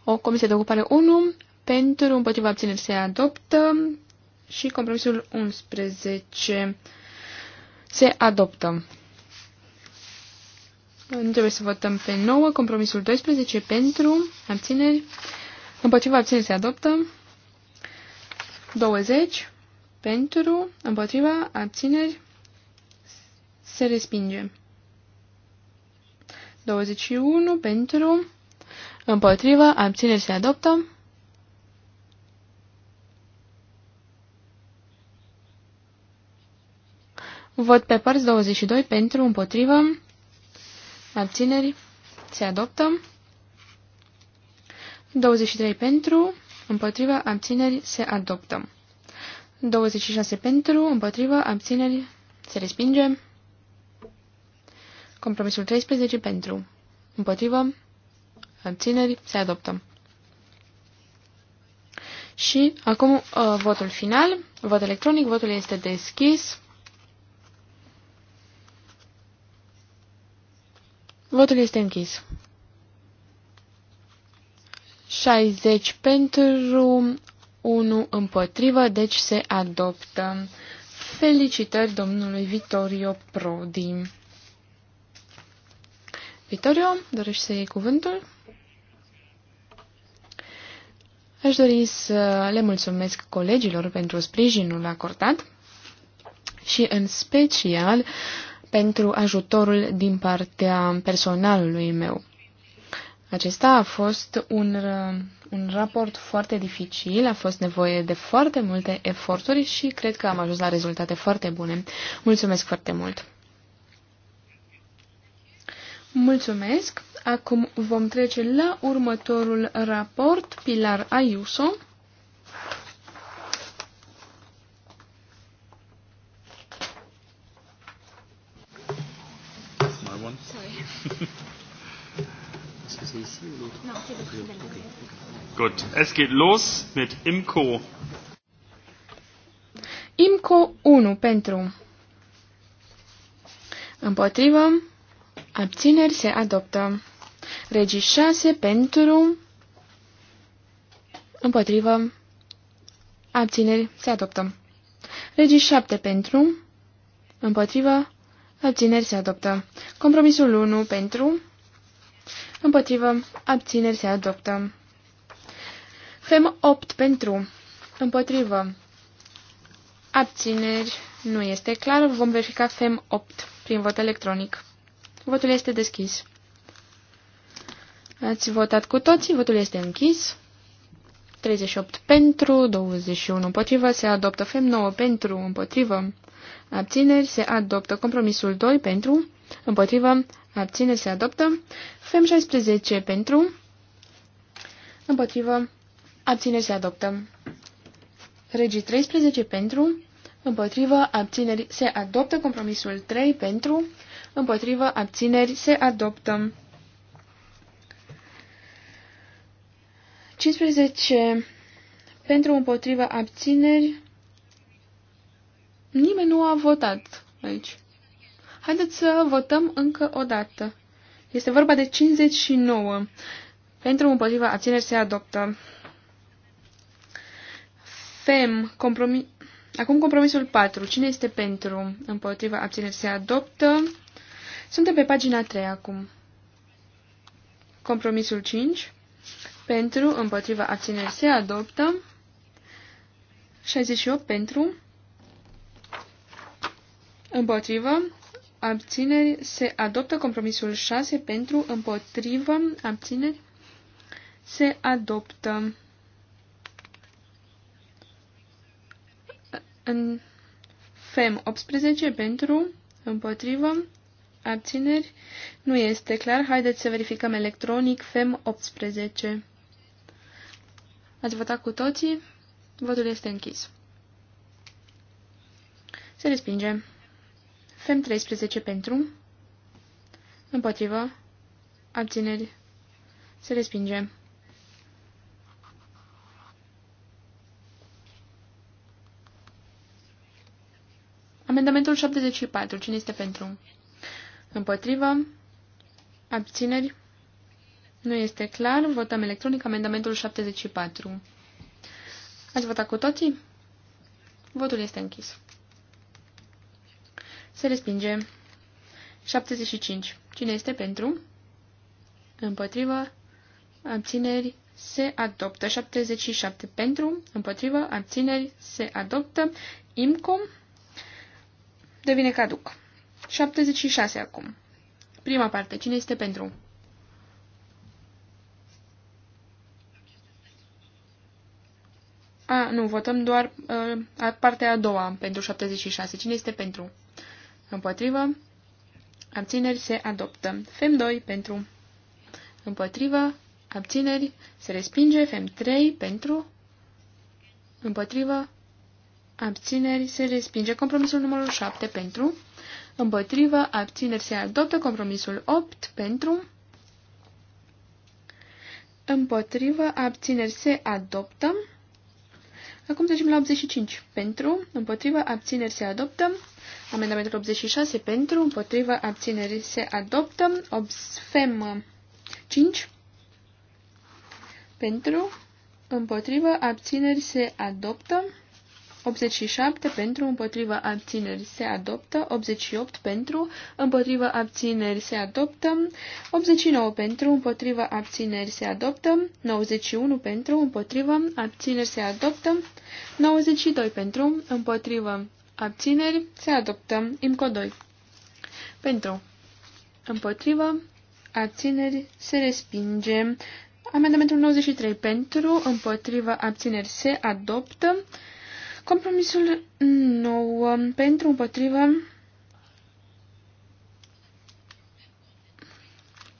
o comisie de ocupare 1 pentru împotriva abțineri se adoptă și compromisul 11 se adoptă. Nu trebuie să votăm pe 9, compromisul 12 pentru abțineri Împotriva abțineri se adoptă. 20. Pentru, împotriva, abțineri, se respinge. 21. Pentru, împotriva, abțineri se adoptă. 1. Vot pe părți 22 pentru, împotriva, abțineri, se adoptă. 23 pentru, împotriva abțineri se adoptă. 26 pentru, împotriva abțineri se respinge. Compromisul 13 pentru, împotriva abțineri se adoptă. Și acum uh, votul final, vot electronic, votul este deschis. Votul este închis. 60 pentru, 1 împotrivă, deci se adoptă. Felicitări domnului Vittorio Prodi. Vittorio, dorești să iei cuvântul? Aș dori să le mulțumesc colegilor pentru sprijinul acordat și în special pentru ajutorul din partea personalului meu. Acesta a fost un, uh, un raport foarte dificil, a fost nevoie de foarte multe eforturi și cred că am ajuns la rezultate foarte bune. Mulțumesc foarte mult! Mulțumesc! Acum vom trece la următorul raport, Pilar Ayuso. My one. Sorry. Gut, es geht los mit IMCO. IMCO 1 pentru. Împotrivă. Abțineri se adoptă. Regi 6 pentru. Împotrivă. Abțineri se adoptă. Regi 7 pentru. Împotrivă. Abțineri se adoptă. Compromisul 1 pentru. Împotrivă. Abțineri se adoptă. Fem 8 pentru. Împotrivă. Abțineri nu este clar. Vom verifica Fem 8 prin vot electronic. Votul este deschis. Ați votat cu toții. Votul este închis. 38 pentru, 21 împotrivă, se adoptă FEM 9 pentru, împotrivă, abțineri, se adoptă compromisul 2 pentru, împotrivă, abțineri, se adoptă FEM 16 pentru, împotrivă, abțineri, se adoptă. Regi 13 pentru, împotrivă, abțineri, se adoptă compromisul 3 pentru, împotrivă, abțineri, se adoptă. 15 pentru împotriva abțineri. Nimeni nu a votat aici. Haideți să votăm încă o dată. Este vorba de 59. Pentru împotriva abțineri se adoptă. FEM, compromis... Acum compromisul 4. Cine este pentru? Împotriva abțineri se adoptă. Suntem pe pagina 3 acum. Compromisul 5 pentru, împotriva abțineri se adoptă. 68 pentru, împotriva abțineri se adoptă. Compromisul 6 pentru, împotriva abțineri se adoptă. În FEM 18 pentru, împotrivă, abțineri, nu este clar. Haideți să verificăm electronic FEM 18. Ați votat cu toții? Votul este închis. Se respinge. Fem 13 pentru. Împotrivă. Abțineri. Se respinge. Amendamentul 74. Cine este pentru? Împotrivă. Abțineri. Nu este clar. Votăm electronic amendamentul 74. Ați votat cu toții? Votul este închis. Se respinge. 75. Cine este pentru? Împotrivă. Abțineri. Se adoptă. 77 pentru. Împotrivă. Abțineri. Se adoptă. IMCOM. Devine caduc. 76 acum. Prima parte. Cine este pentru? A, nu, votăm doar uh, partea a doua pentru 76. Cine este pentru? Împotrivă. Abțineri se adoptă. Fem 2 pentru. Împotrivă. Abțineri se respinge. Fem 3 pentru. Împotrivă. Abțineri se respinge. Compromisul numărul 7 pentru. Împotrivă. Abțineri se adoptă. Compromisul 8 pentru. Împotrivă. Abțineri se adoptă. Acum trecem la 85. Pentru, împotriva, abțineri se adoptă. Amendamentul 86. Pentru, împotriva, abțineri se adoptă. Obsfem 5. Pentru, împotriva, abțineri se adoptă. 87 pentru, împotriva abțineri se adoptă, 88 pentru, împotriva abțineri se adoptă, 89 pentru, împotriva abțineri se adoptă, 91 pentru, împotriva abțineri se adoptă, 92 pentru, împotriva abțineri se adoptă, IMCO 2 pentru, împotriva abțineri se respinge, amendamentul 93 pentru, împotriva abțineri se adoptă, Compromisul nou um, pentru împotrivă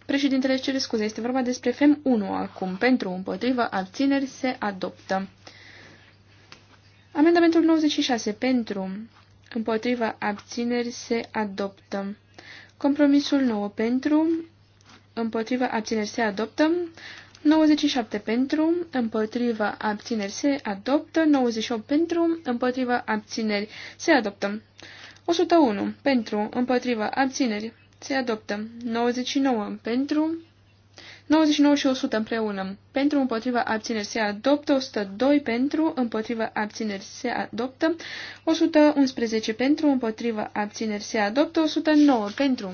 Președintele cere scuze, este vorba despre FEM 1 acum. Pentru împotrivă abțineri se adoptă. Amendamentul 96 pentru împotrivă, abțineri se adoptă. Compromisul 9 pentru împotrivă, abțineri se adoptă. 97 pentru, împotriva abțineri se adoptă, 98 pentru, împotriva abțineri se adoptă, 101 pentru, împotriva abțineri se adoptă, 99 pentru, 99 și 100 împreună. Pentru împotriva abțineri se adoptă. 102 pentru împotriva abțineri se adoptă. 111 pentru împotriva abțineri se adoptă. 109 pentru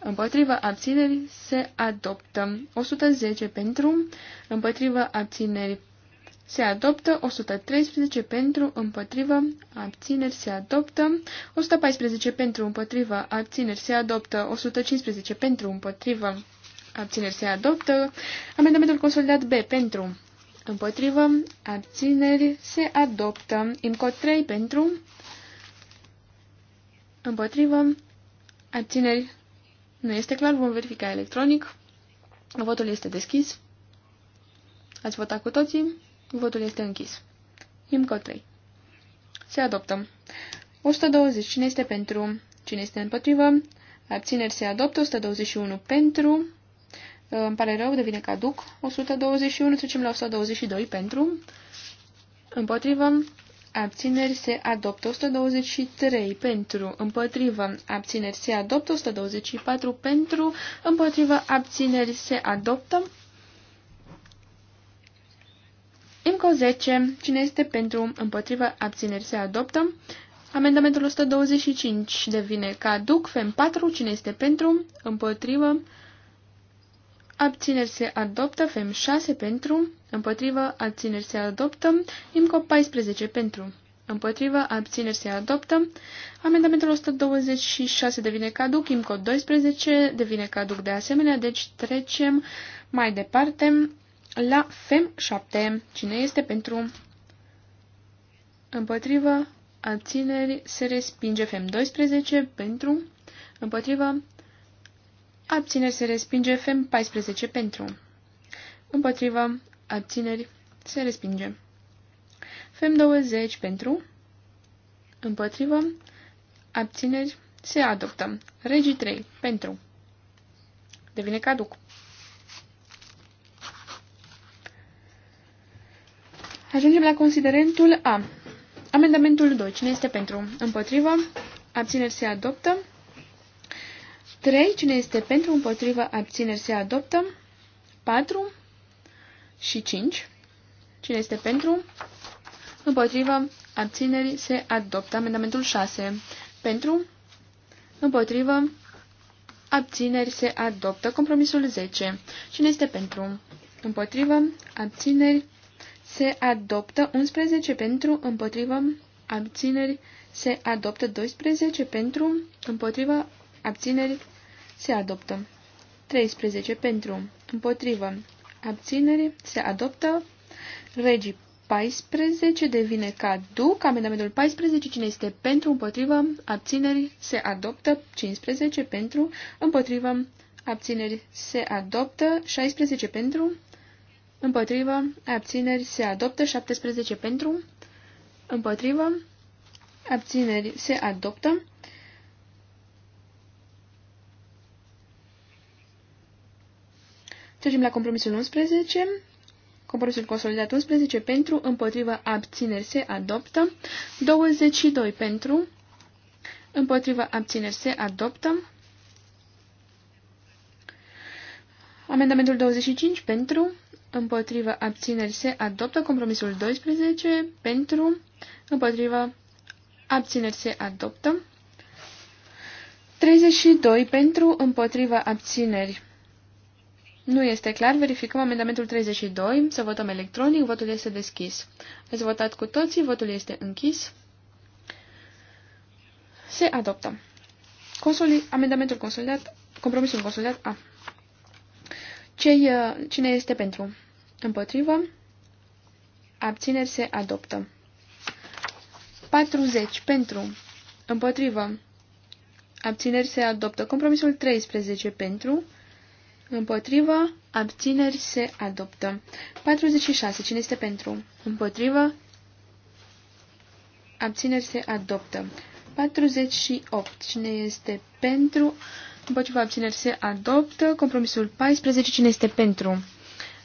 împotriva abțineri se adoptă. 110 pentru împotriva abțineri se adoptă 113 pentru, împotriva abțineri se adoptă, 114 pentru, împotriva abțineri se adoptă, 115 pentru, împotriva abțineri se adoptă. Amendamentul consolidat B pentru, împotrivă, abțineri se adoptă. IMCO 3 pentru, împotrivă, abțineri nu este clar, vom verifica electronic. Votul este deschis. Ați votat cu toții. Votul este închis. IMCO 3. Se adoptă. 120. Cine este pentru? Cine este împotrivă? Abțineri se adoptă. 121 pentru. Îmi pare rău, devine caduc. 121, trecem la 122 pentru. Împotrivă, abțineri se adoptă 123 pentru, împotrivă, abțineri se adoptă 124 pentru, împotrivă, abțineri se adoptă. Încă 10, cine este pentru, împotrivă, abțineri se adoptă. Amendamentul 125 devine caduc, FEM 4, cine este pentru, împotrivă, abțineri se adoptă, FEM 6 pentru, împotrivă, abțineri se adoptă, IMCO 14 pentru, împotrivă, abțineri se adoptă, amendamentul 126 devine caduc, IMCO 12 devine caduc de asemenea, deci trecem mai departe la FEM 7. Cine este pentru? Împotrivă, abțineri se respinge FEM 12 pentru, împotrivă, Abțineri se respinge. Fem 14 pentru. Împotriva. Abțineri se respinge. Fem 20 pentru. Împotriva. Abțineri se adoptă. Regi 3 pentru. Devine caduc. Ajungem la considerentul A. Amendamentul 2. Cine este pentru? Împotriva Abțineri se adoptă. 3. Cine este pentru, împotrivă, abțineri se adoptă. 4 și 5. Cine este pentru, împotrivă, abțineri se adoptă. Amendamentul 6. Pentru, împotrivă, abțineri se adoptă. Compromisul 10. Cine este pentru, împotrivă, abțineri se adoptă. 11 pentru, împotrivă, abțineri se adoptă. 12 pentru, împotriva abțineri, se adoptă. 13 pentru, împotrivă, abțineri, se adoptă. Regii 14 devine caduc. Amendamentul 14, cine este pentru, împotrivă, abțineri, se adoptă. 15 pentru, împotrivă, abțineri, se adoptă. 16 pentru, împotrivă, abțineri, se adoptă. 17 pentru, împotrivă, abțineri, se adoptă. Trecem la compromisul 11. Compromisul consolidat 11 pentru, împotriva abțineri se adoptă. 22 pentru, împotriva abțineri se adoptă. Amendamentul 25 pentru, împotriva abțineri se adoptă. Compromisul 12 pentru, împotriva abțineri se adoptă. 32 pentru, împotriva abțineri nu este clar. Verificăm amendamentul 32. Să votăm electronic. Votul este deschis. Ați votat cu toții. Votul este închis. Se adoptă. Consoli... Amendamentul consolidat. Compromisul consolidat A. Cei, uh, cine este pentru? Împotrivă. Abțineri se adoptă. 40 pentru. Împotrivă. Abțineri se adoptă. Compromisul 13 pentru. Împotrivă, abțineri se adoptă. 46. Cine este pentru? Împotrivă, abțineri se adoptă. 48. Cine este pentru? Împotrivă, abțineri se adoptă. Compromisul 14. Cine este pentru?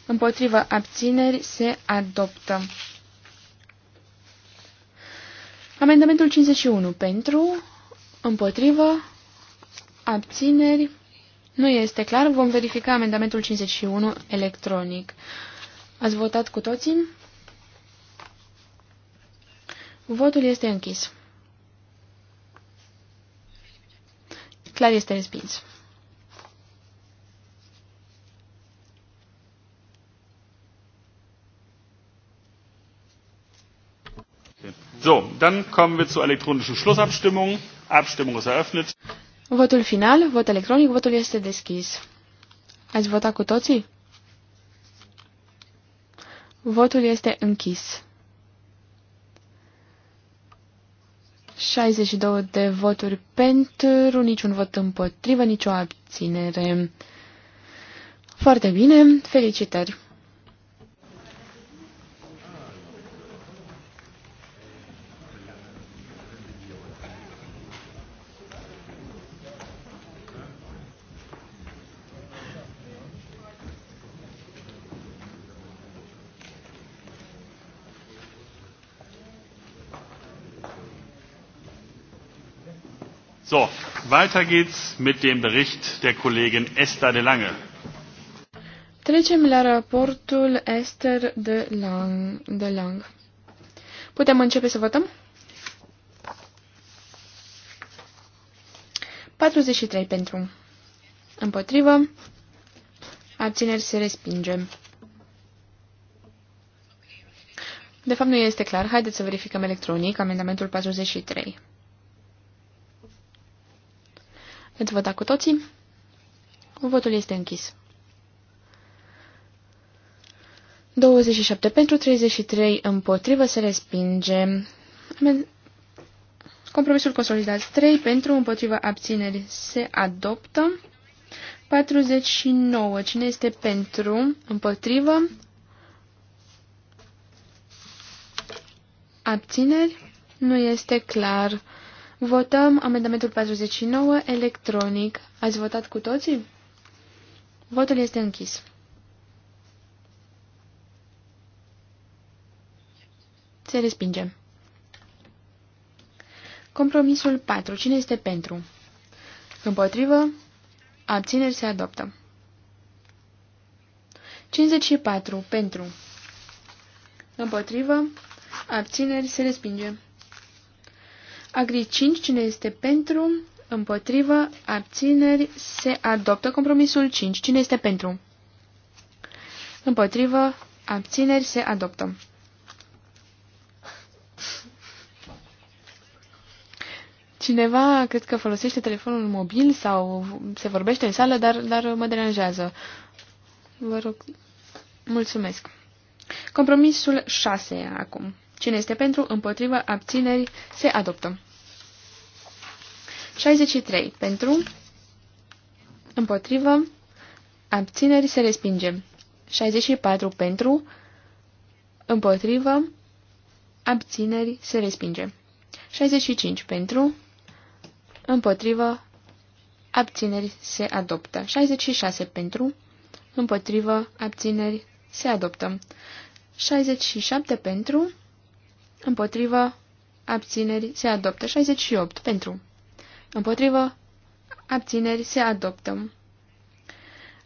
Împotrivă, abțineri se adoptă. Amendamentul 51. Pentru, împotrivă, abțineri se nu este clar. Vom verifica amendamentul 51 electronic. Ați votat cu toții? Votul este închis. Clar este respins. So, dann kommen wir zur elektronischen Schlussabstimmung. Abstimmung ist eröffnet. Votul final, vot electronic, votul este deschis. Ați votat cu toții? Votul este închis. 62 de voturi pentru, niciun vot împotrivă, nicio abținere. Foarte bine, felicitări! So, weiter geht's mit dem Bericht der Kollegin Esther de Lange. Trecem la raportul Esther de Lang. De Lang. Putem începe să votăm? 43 pentru. Împotrivă. Abțineri se respinge. De fapt, nu este clar. Haideți să verificăm electronic amendamentul 43. Veți vota cu toții? Votul este închis. 27 pentru 33 împotrivă se respinge. Compromisul consolidat 3 pentru împotrivă, abțineri se adoptă. 49. Cine este pentru împotrivă? Abțineri? Nu este clar. Votăm amendamentul 49 electronic. Ați votat cu toții? Votul este închis. Se respinge. Compromisul 4. Cine este pentru? Împotrivă. Abțineri se adoptă. 54. Pentru. Împotrivă. Abțineri se respinge. Agri 5, cine este pentru? Împotrivă, abțineri, se adoptă compromisul 5. Cine este pentru? Împotrivă, abțineri, se adoptă. Cineva, cred că folosește telefonul mobil sau se vorbește în sală, dar, dar mă deranjează. Vă rog, mulțumesc. Compromisul 6 acum. Cine este pentru, împotrivă, abțineri, se adoptă. 63. Pentru, împotrivă, abțineri, se respinge. 64. Pentru, împotrivă, abțineri, se respinge. 65. Pentru, împotrivă, abțineri, se adoptă. 66. Pentru, împotrivă, abțineri, se adoptă. 67 pentru, Împotrivă. Abțineri se adoptă. 68. Pentru. Împotrivă. Abțineri se adoptă.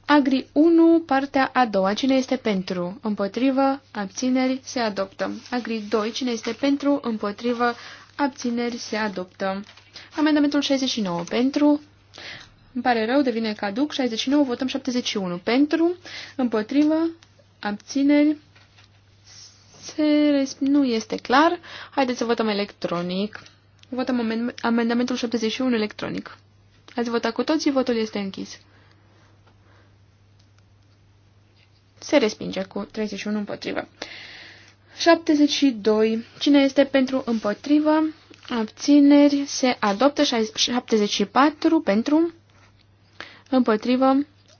Agri 1, partea a doua. Cine este pentru? Împotrivă. Abțineri se adoptă. Agri 2. Cine este pentru? Împotrivă. Abțineri se adoptă. Amendamentul 69. Pentru. Îmi pare rău, devine caduc. 69, votăm 71. Pentru. Împotrivă. Abțineri se, nu este clar. Haideți să votăm electronic. Votăm amendamentul 71 electronic. Ați votat cu toții, votul este închis. Se respinge cu 31 împotrivă. 72. Cine este pentru împotrivă? Abțineri. Se adoptă 74 pentru împotrivă.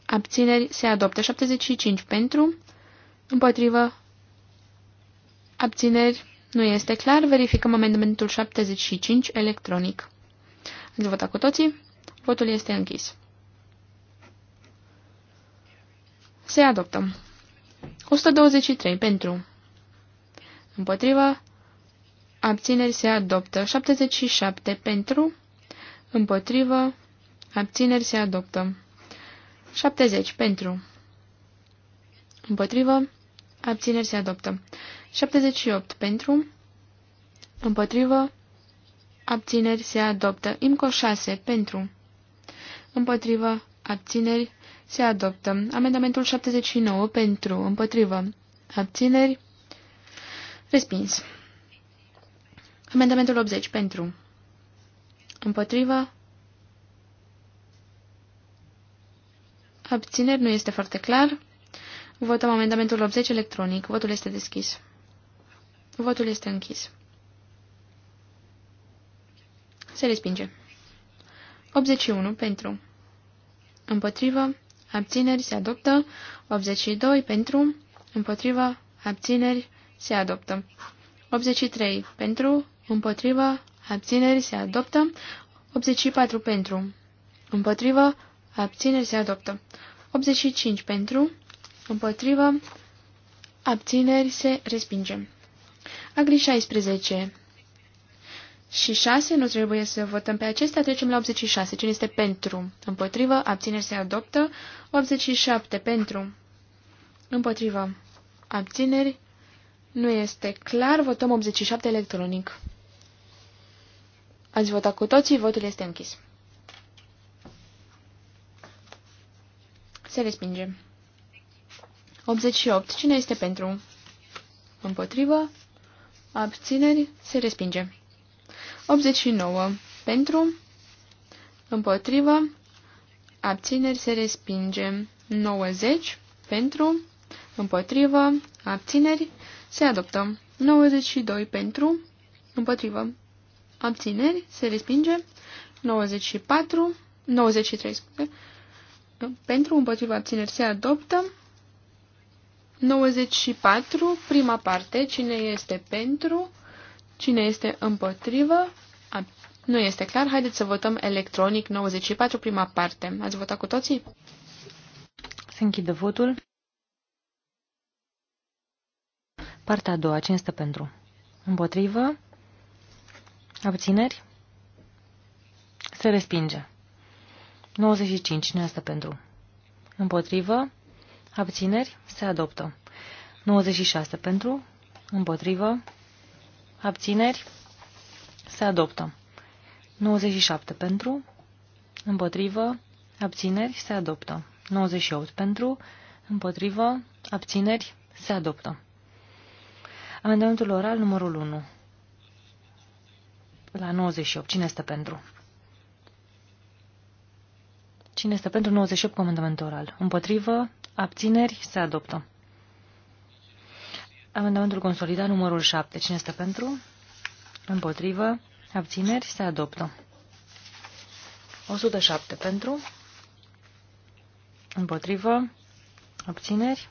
Abțineri. Se adoptă 75 pentru împotrivă. Abțineri? Nu este clar. Verificăm amendamentul 75 electronic. Ați votat cu toții? Votul este închis. Se adoptă. 123 pentru. Împotrivă. Abțineri se adoptă. 77 pentru. Împotrivă. Abțineri se adoptă. 70 pentru. Împotrivă. Abțineri se adoptă. 78 pentru, împotrivă, abțineri se adoptă. IMCO 6 pentru, împotrivă, abțineri se adoptă. Amendamentul 79 pentru, împotrivă, abțineri, respins. Amendamentul 80 pentru, împotrivă, abțineri nu este foarte clar. Votăm amendamentul 80 electronic. Votul este deschis. Votul este închis. Se respinge. 81 pentru. Împotrivă. Abțineri se adoptă. 82 pentru. Împotrivă. Abțineri se adoptă. 83 pentru. Împotrivă. Abțineri se adoptă. 84 pentru. Împotrivă. Abțineri se adoptă. 85 pentru. Împotrivă. Abțineri se respinge. Agri 16 și 6, nu trebuie să votăm pe acestea, trecem la 86. Cine este pentru? Împotrivă, abțineri se adoptă. 87 pentru. Împotrivă, abțineri. Nu este clar, votăm 87 electronic. Ați votat cu toții, votul este închis. Se respinge. 88. Cine este pentru? Împotrivă, abțineri, se respinge. 89 pentru, împotrivă, abțineri, se respinge. 90 pentru, împotrivă, abțineri, se adoptă. 92 pentru, împotrivă, abțineri, se respinge. 94, 93, pentru, împotriva abțineri, se adoptă. 94, prima parte, cine este pentru, cine este împotrivă, A, nu este clar, haideți să votăm electronic 94, prima parte. Ați votat cu toții? Se închide votul. Partea a doua, cine este pentru? Împotrivă? Abțineri? Se respinge. 95, cine este pentru? Împotrivă? Abțineri? Se adoptă. 96 pentru? Împotrivă? Abțineri? Se adoptă. 97 pentru? Împotrivă? Abțineri? Se adoptă. 98 pentru? Împotrivă? Abțineri? Se adoptă. Amendamentul oral numărul 1. La 98. Cine este pentru? Cine este pentru 98 comandament oral? Împotrivă? Abțineri se adoptă. Amendamentul consolidat numărul 7. Cine este pentru? Împotrivă. Abțineri se adoptă. 107 pentru. Împotrivă. Abțineri.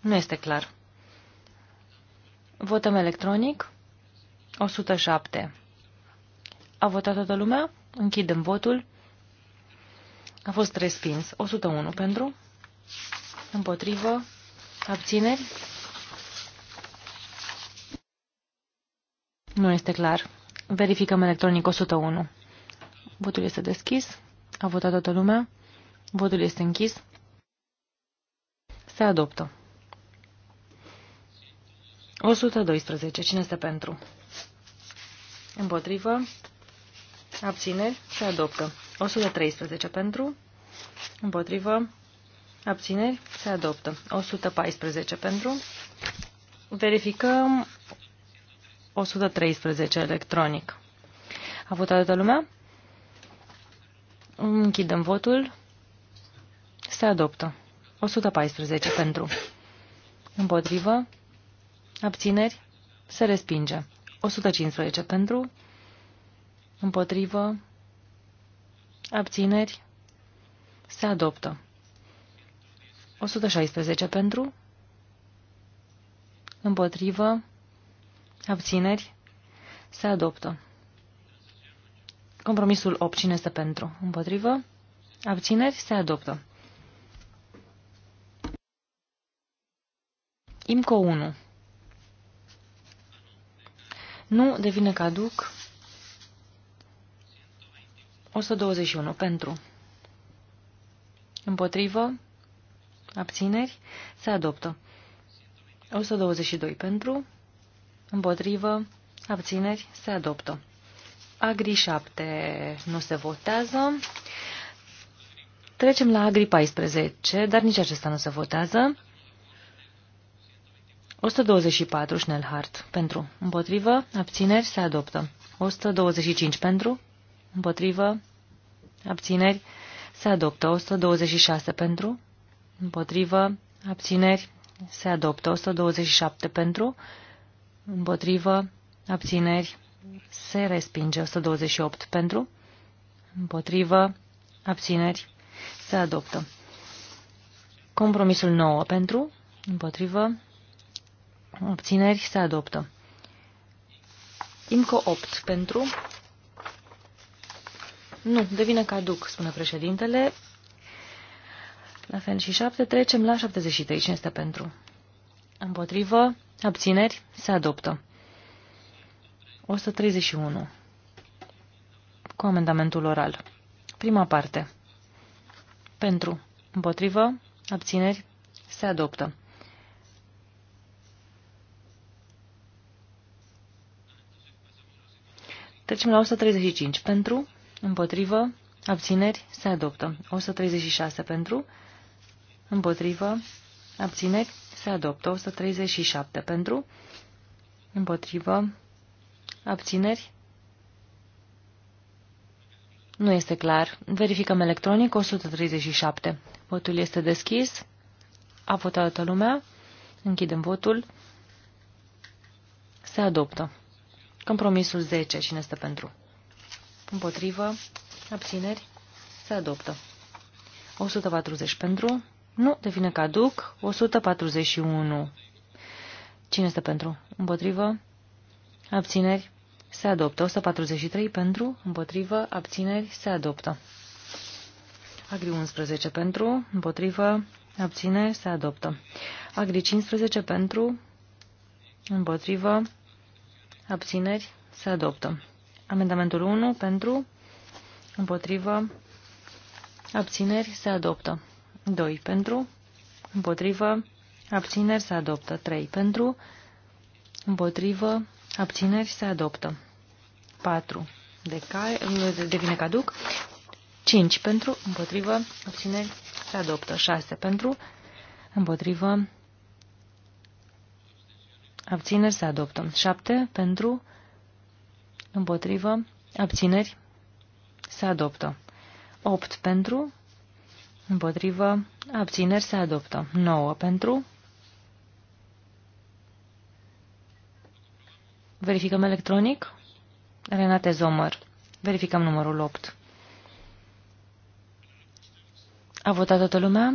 Nu este clar. Votăm electronic. 107. A votat toată lumea? Închidem votul. A fost respins. 101 pentru. Împotrivă. Abțineri. Nu este clar. Verificăm electronic 101. Votul este deschis. A votat toată lumea. Votul este închis. Se adoptă. 112. Cine este pentru? Împotrivă. Abțineri. Se adoptă. 113 pentru. Împotrivă. Abțineri? Se adoptă. 114 pentru. Verificăm 113 electronic. A votat toată lumea? Închidem votul. Se adoptă. 114 pentru. Împotrivă. Abțineri. Se respinge. 115 pentru. Împotrivă. Abțineri. Se adoptă. 116 pentru, împotrivă, abțineri, se adoptă. Compromisul 8, cine este pentru? Împotrivă, abțineri, se adoptă. IMCO 1. Nu devine caduc 121 pentru. Împotrivă, abțineri, se adoptă. 122 pentru, împotrivă, abțineri, se adoptă. Agri 7 nu se votează. Trecem la Agri 14, dar nici acesta nu se votează. 124 Schnellhardt pentru, împotrivă, abțineri, se adoptă. 125 pentru, împotrivă, abțineri, se adoptă. 126 pentru, împotrivă, abțineri, se adoptă. 127 pentru, împotrivă, abțineri, se respinge. 128 pentru, împotrivă, abțineri, se adoptă. Compromisul 9 pentru, împotrivă, abțineri, se adoptă. IMCO 8 pentru, nu, devine caduc, spune președintele la fel și șapte, Trecem la 73. Cine este pentru? Împotrivă. Abțineri. Se adoptă. 131. Cu amendamentul oral. Prima parte. Pentru. Împotrivă. Abțineri. Se adoptă. Trecem la 135. Pentru. Împotrivă. Abțineri. Se adoptă. 136. Pentru. Împotrivă. Abțineri. Se adoptă. 137 pentru. Împotrivă. Abțineri. Nu este clar. Verificăm electronic 137. Votul este deschis. A votat toată lumea. Închidem votul. Se adoptă. Compromisul 10. Cine este pentru? Împotrivă. Abțineri. Se adoptă. 140 pentru. Nu, devine caduc. 141. Cine este pentru? Împotrivă? Abțineri? Se adoptă. 143 pentru? Împotrivă? Abțineri? Se adoptă. Agri 11 pentru? Împotrivă? Abțineri? Se adoptă. Agri 15 pentru? Împotrivă? Abțineri? Se adoptă. Amendamentul 1 pentru? Împotrivă? Abțineri? Se adoptă. 2 pentru, împotrivă, abțineri se adoptă. 3 pentru, împotrivă, abțineri se adoptă. 4 de care, devine caduc. 5 pentru, împotrivă, abțineri se adoptă. 6 pentru, împotrivă, abțineri se adoptă. 7 pentru, împotrivă, abțineri se adoptă. 8 pentru, Împotrivă. Abțineri se adoptă. 9 pentru. Verificăm electronic. Renate Zomăr. Verificăm numărul 8. A votat toată lumea?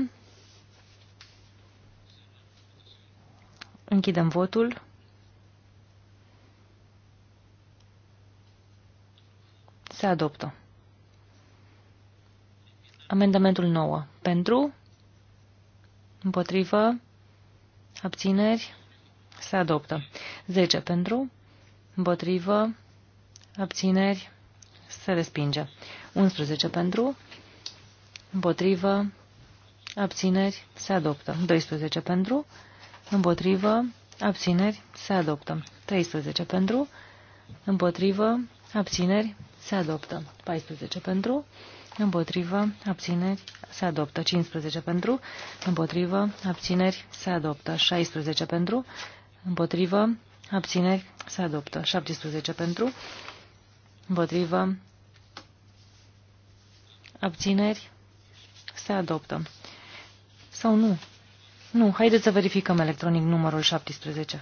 Închidem votul. Se adoptă. Amendamentul 9. Pentru? Împotrivă? Abțineri? Se adoptă. 10. Pentru? Împotrivă? Abțineri? Se respinge. 11. Pentru? Împotrivă? Abțineri? Se adoptă. 12. Pentru? Împotrivă? Abțineri? Se adoptă. 13. Pentru? Împotrivă? Abțineri? se adoptă. 14 pentru, împotrivă, abțineri, se adoptă. 15 pentru, împotrivă, abțineri, se adoptă. 16 pentru, împotrivă, abțineri, se adoptă. 17 pentru, împotrivă, abțineri, se adoptă. Sau nu? Nu, haideți să verificăm electronic numărul 17.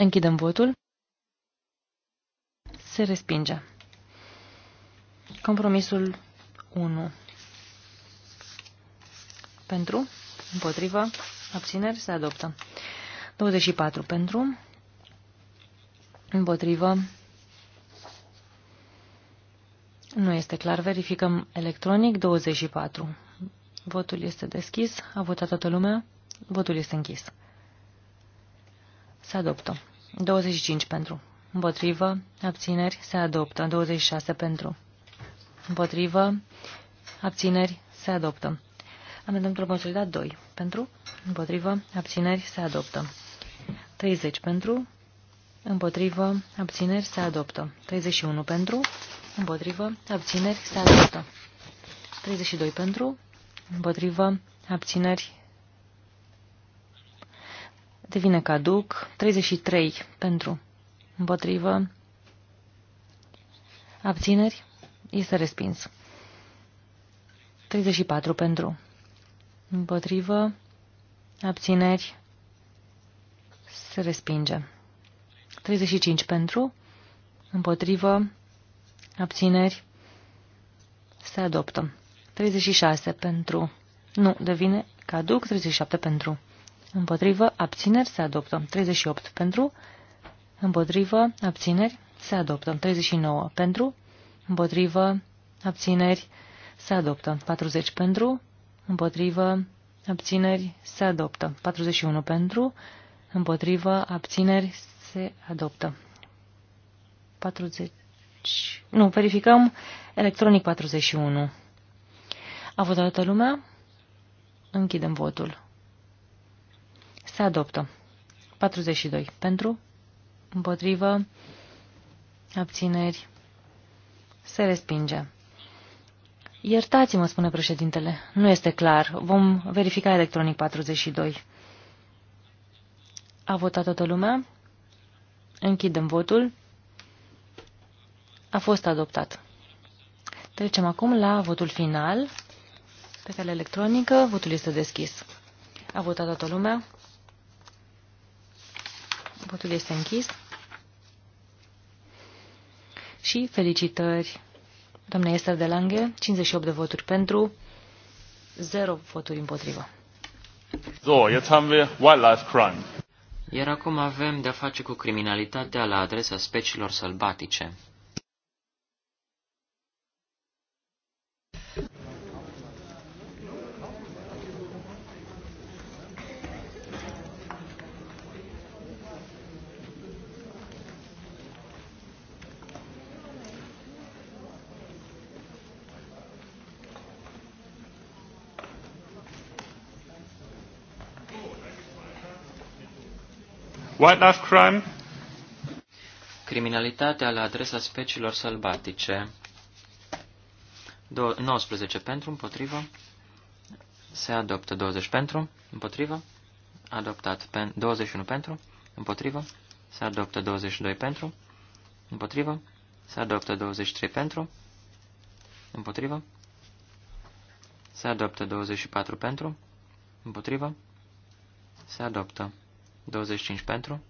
Închidem votul. Se respinge. Compromisul 1. Pentru, împotrivă, abțineri, se adoptă. 24 pentru, împotrivă, nu este clar, verificăm electronic, 24. Votul este deschis, a votat toată lumea, votul este închis. Se adoptă. 25 pentru. Împotrivă. Abțineri. Se adoptă. 26 pentru. Împotrivă. Abțineri. Se adoptă. Amendamentul consolidat 2. Pentru. Împotrivă. Abțineri. Se adoptă. 30 pentru. Împotrivă. Abțineri. Se adoptă. 31 pentru. Împotrivă. Abțineri. Se adoptă. 32 pentru. Împotrivă. Abțineri devine caduc. 33 pentru împotrivă abțineri este respins. 34 pentru împotrivă abțineri se respinge. 35 pentru împotrivă abțineri se adoptă. 36 pentru nu devine caduc. 37 pentru împotrivă, abțineri, se adoptă. 38 pentru, împotrivă, abțineri, se adoptă. 39 pentru, împotrivă, abțineri, se adoptă. 40 pentru, împotrivă, abțineri, se adoptă. 41 pentru, împotrivă, abțineri, se adoptă. 40. Nu, verificăm electronic 41. A votat toată lumea? Închidem votul. Se adoptă. 42. Pentru, împotrivă, abțineri, se respinge. Iertați-mă, spune președintele. Nu este clar. Vom verifica electronic 42. A votat toată lumea? Închidem votul. A fost adoptat. Trecem acum la votul final. Pe cale electronică, votul este deschis. A votat toată lumea? Votul este închis. Și felicitări, doamna Esther de Lange, 58 de voturi pentru, 0 voturi împotrivă. So, jetzt haben wir Wildlife Crime. Iar acum avem de-a face cu criminalitatea la adresa speciilor sălbatice. Wildlife crime. Criminalitatea la adresa speciilor sălbatice. 19 pentru, împotrivă. Se adoptă 20 pentru, împotrivă. Adoptat 21 pentru, împotrivă. Se adoptă 22 pentru, împotrivă. Se adoptă 23 pentru, împotrivă. Se adoptă 24 pentru, împotrivă. Se adoptă 25 pentru,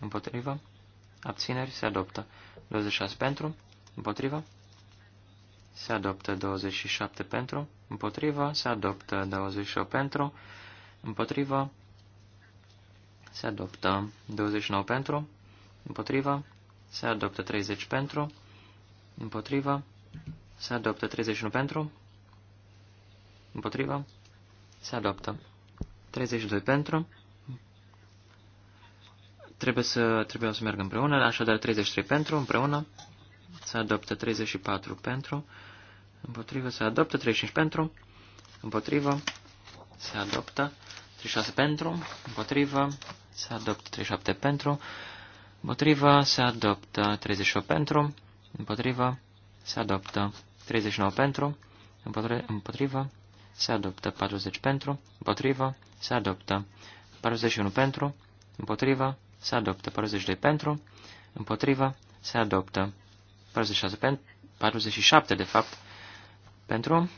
împotrivă, abțineri, se adoptă. 26 pentru, împotrivă, se adoptă. 27 pentru, împotrivă, se adoptă. 28 pentru, împotrivă, se adoptă. 29 pentru, împotrivă, se adoptă. 30 pentru, împotrivă, se adoptă. 31 pentru, împotrivă, se adoptă. 32 pentru, Trebuie să, trebuie să meargă împreună, așadar 33 pentru, împreună, se adoptă 34 pentru, împotrivă, se adoptă 35 pentru, împotrivă, se adoptă 36 pentru, împotrivă, se adoptă 37 pentru, împotrivă, se adoptă 38 pentru, împotrivă, se adoptă 39 pentru, împotrivă, se adoptă 40 pentru, împotrivă, se adoptă 41 pentru, împotrivă, se adoptă. 42 pentru, împotriva, se adoptă. 46 pentru, 47 de fapt, pentru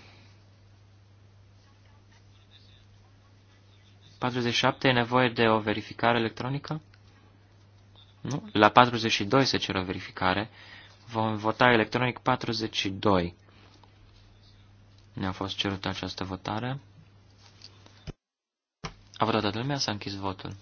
47 e nevoie de o verificare electronică? Nu? La 42 se cere o verificare. Vom vota electronic 42. Ne-a fost cerută această votare. A votat lumea, s-a închis votul.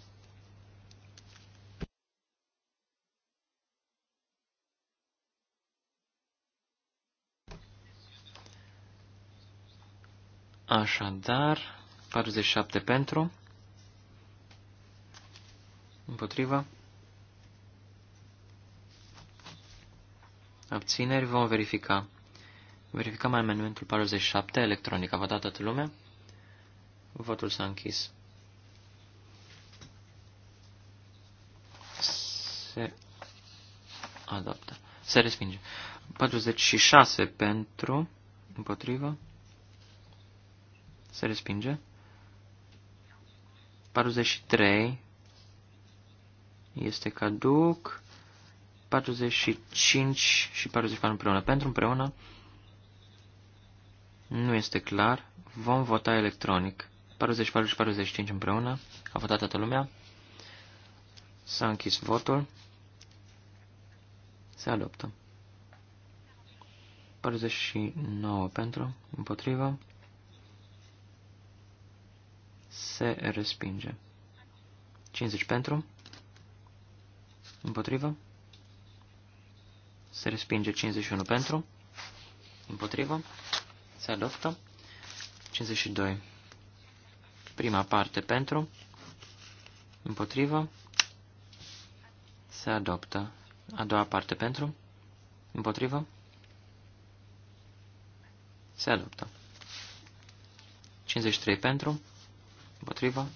Așadar, 47 pentru, împotriva, abțineri, vom verifica. Verificăm amendamentul 47 electronic. A votat toată lumea? Votul s-a închis. Se adoptă. Se respinge. 46 pentru, împotriva, se respinge. 43 este caduc. 45 și 44 împreună. Pentru împreună nu este clar. Vom vota electronic. 44 și 45 împreună. A votat toată lumea. S-a închis votul. Se adoptă. 49 pentru, împotrivă, se respinge. 50 pentru, împotrivă, se respinge 51 pentru, împotrivă, se adoptă 52. Prima parte pentru, împotrivă, se adoptă. A doua parte pentru, împotrivă, se adoptă. 53 pentru, împotriva,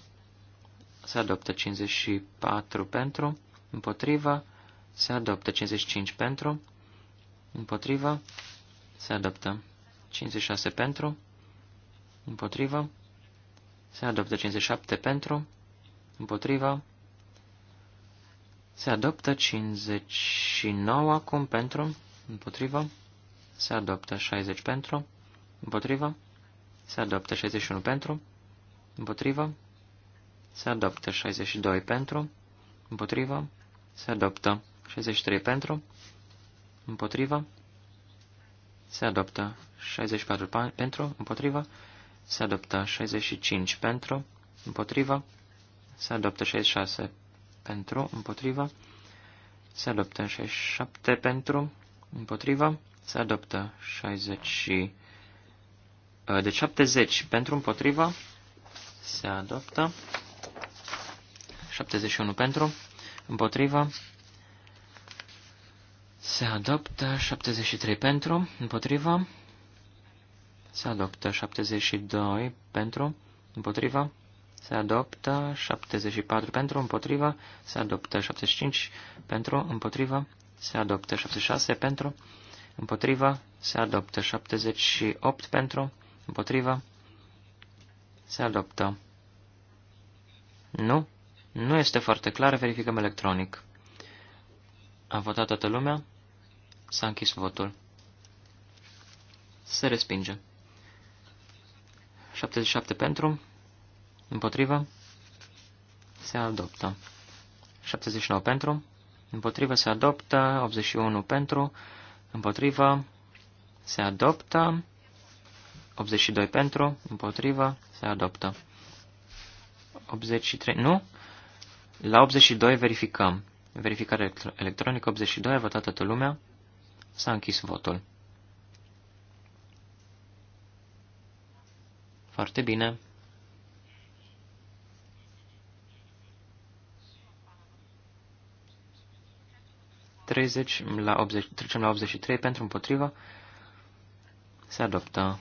se adoptă 54 pentru, împotriva, se adoptă 55 pentru, împotriva, se adoptă 56 pentru, împotriva, se adoptă 57 pentru, împotriva, se adoptă 59 acum pentru, împotriva, se adoptă 60 pentru, împotriva, se adoptă 61 pentru, împotrivă, se adoptă 62 pentru, împotrivă, se adoptă 63 pentru, împotrivă, se adoptă 64 pentru, împotrivă, se adoptă 65 pentru, împotrivă, se adoptă 66 pentru, împotrivă, se adoptă 67 pentru, împotrivă, se adoptă 60 de 70 pentru împotriva, se adoptă. 71 pentru, împotriva, se adoptă. 73 pentru, împotriva, se adoptă. 72 pentru, împotriva, se adoptă. 74 pentru, împotriva, se adoptă. 75 pentru, împotriva, se adoptă. 76 pentru, împotriva, se adoptă. 78 pentru, împotriva, se adoptă. Nu? Nu este foarte clar, verificăm electronic. A votat toată lumea? S-a închis votul. Se respinge. 77 pentru, împotrivă, se adoptă. 79 pentru, împotrivă se adoptă, 81 pentru, împotrivă se adoptă, 82 pentru, împotriva, se adoptă. 83, nu? La 82 verificăm. Verificare electronică 82, a votat toată lumea. S-a închis votul. Foarte bine. la trecem la 83 pentru împotriva. Se adoptă.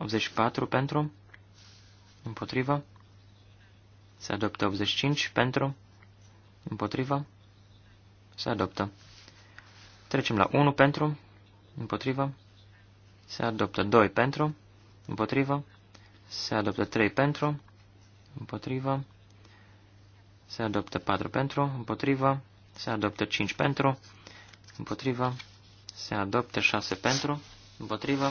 84 pentru, împotrivă, se adoptă 85 pentru, împotrivă, se adoptă. Trecem la 1 pentru, împotrivă, se adoptă 2 pentru, împotrivă, se adoptă 3 pentru, împotrivă, se adoptă 4 pentru, împotrivă, se adoptă 5 pentru, împotrivă, se adoptă 6 pentru, împotrivă,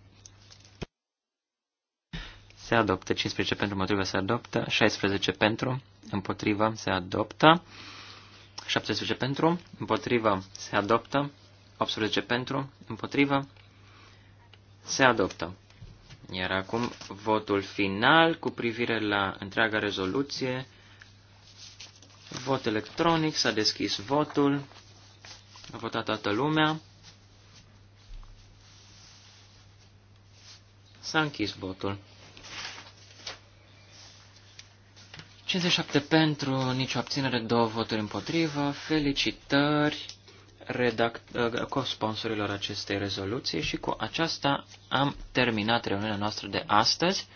se adoptă. 15 pentru, împotriva, se adoptă. 16 pentru, împotriva, se adoptă. 17 pentru, împotriva, se adoptă. 18 pentru, împotriva, se adoptă. Iar acum votul final cu privire la întreaga rezoluție. Vot electronic, s-a deschis votul, a votat toată lumea. S-a închis votul. 57 pentru, nicio abținere, două voturi împotrivă. Felicitări uh, co-sponsorilor acestei rezoluții și cu aceasta am terminat reuniunea noastră de astăzi.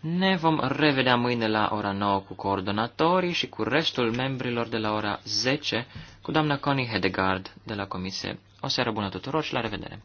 Ne vom revedea mâine la ora 9 cu coordonatorii și cu restul membrilor de la ora 10 cu doamna Connie Hedegaard de la Comisie. O seară bună tuturor și la revedere!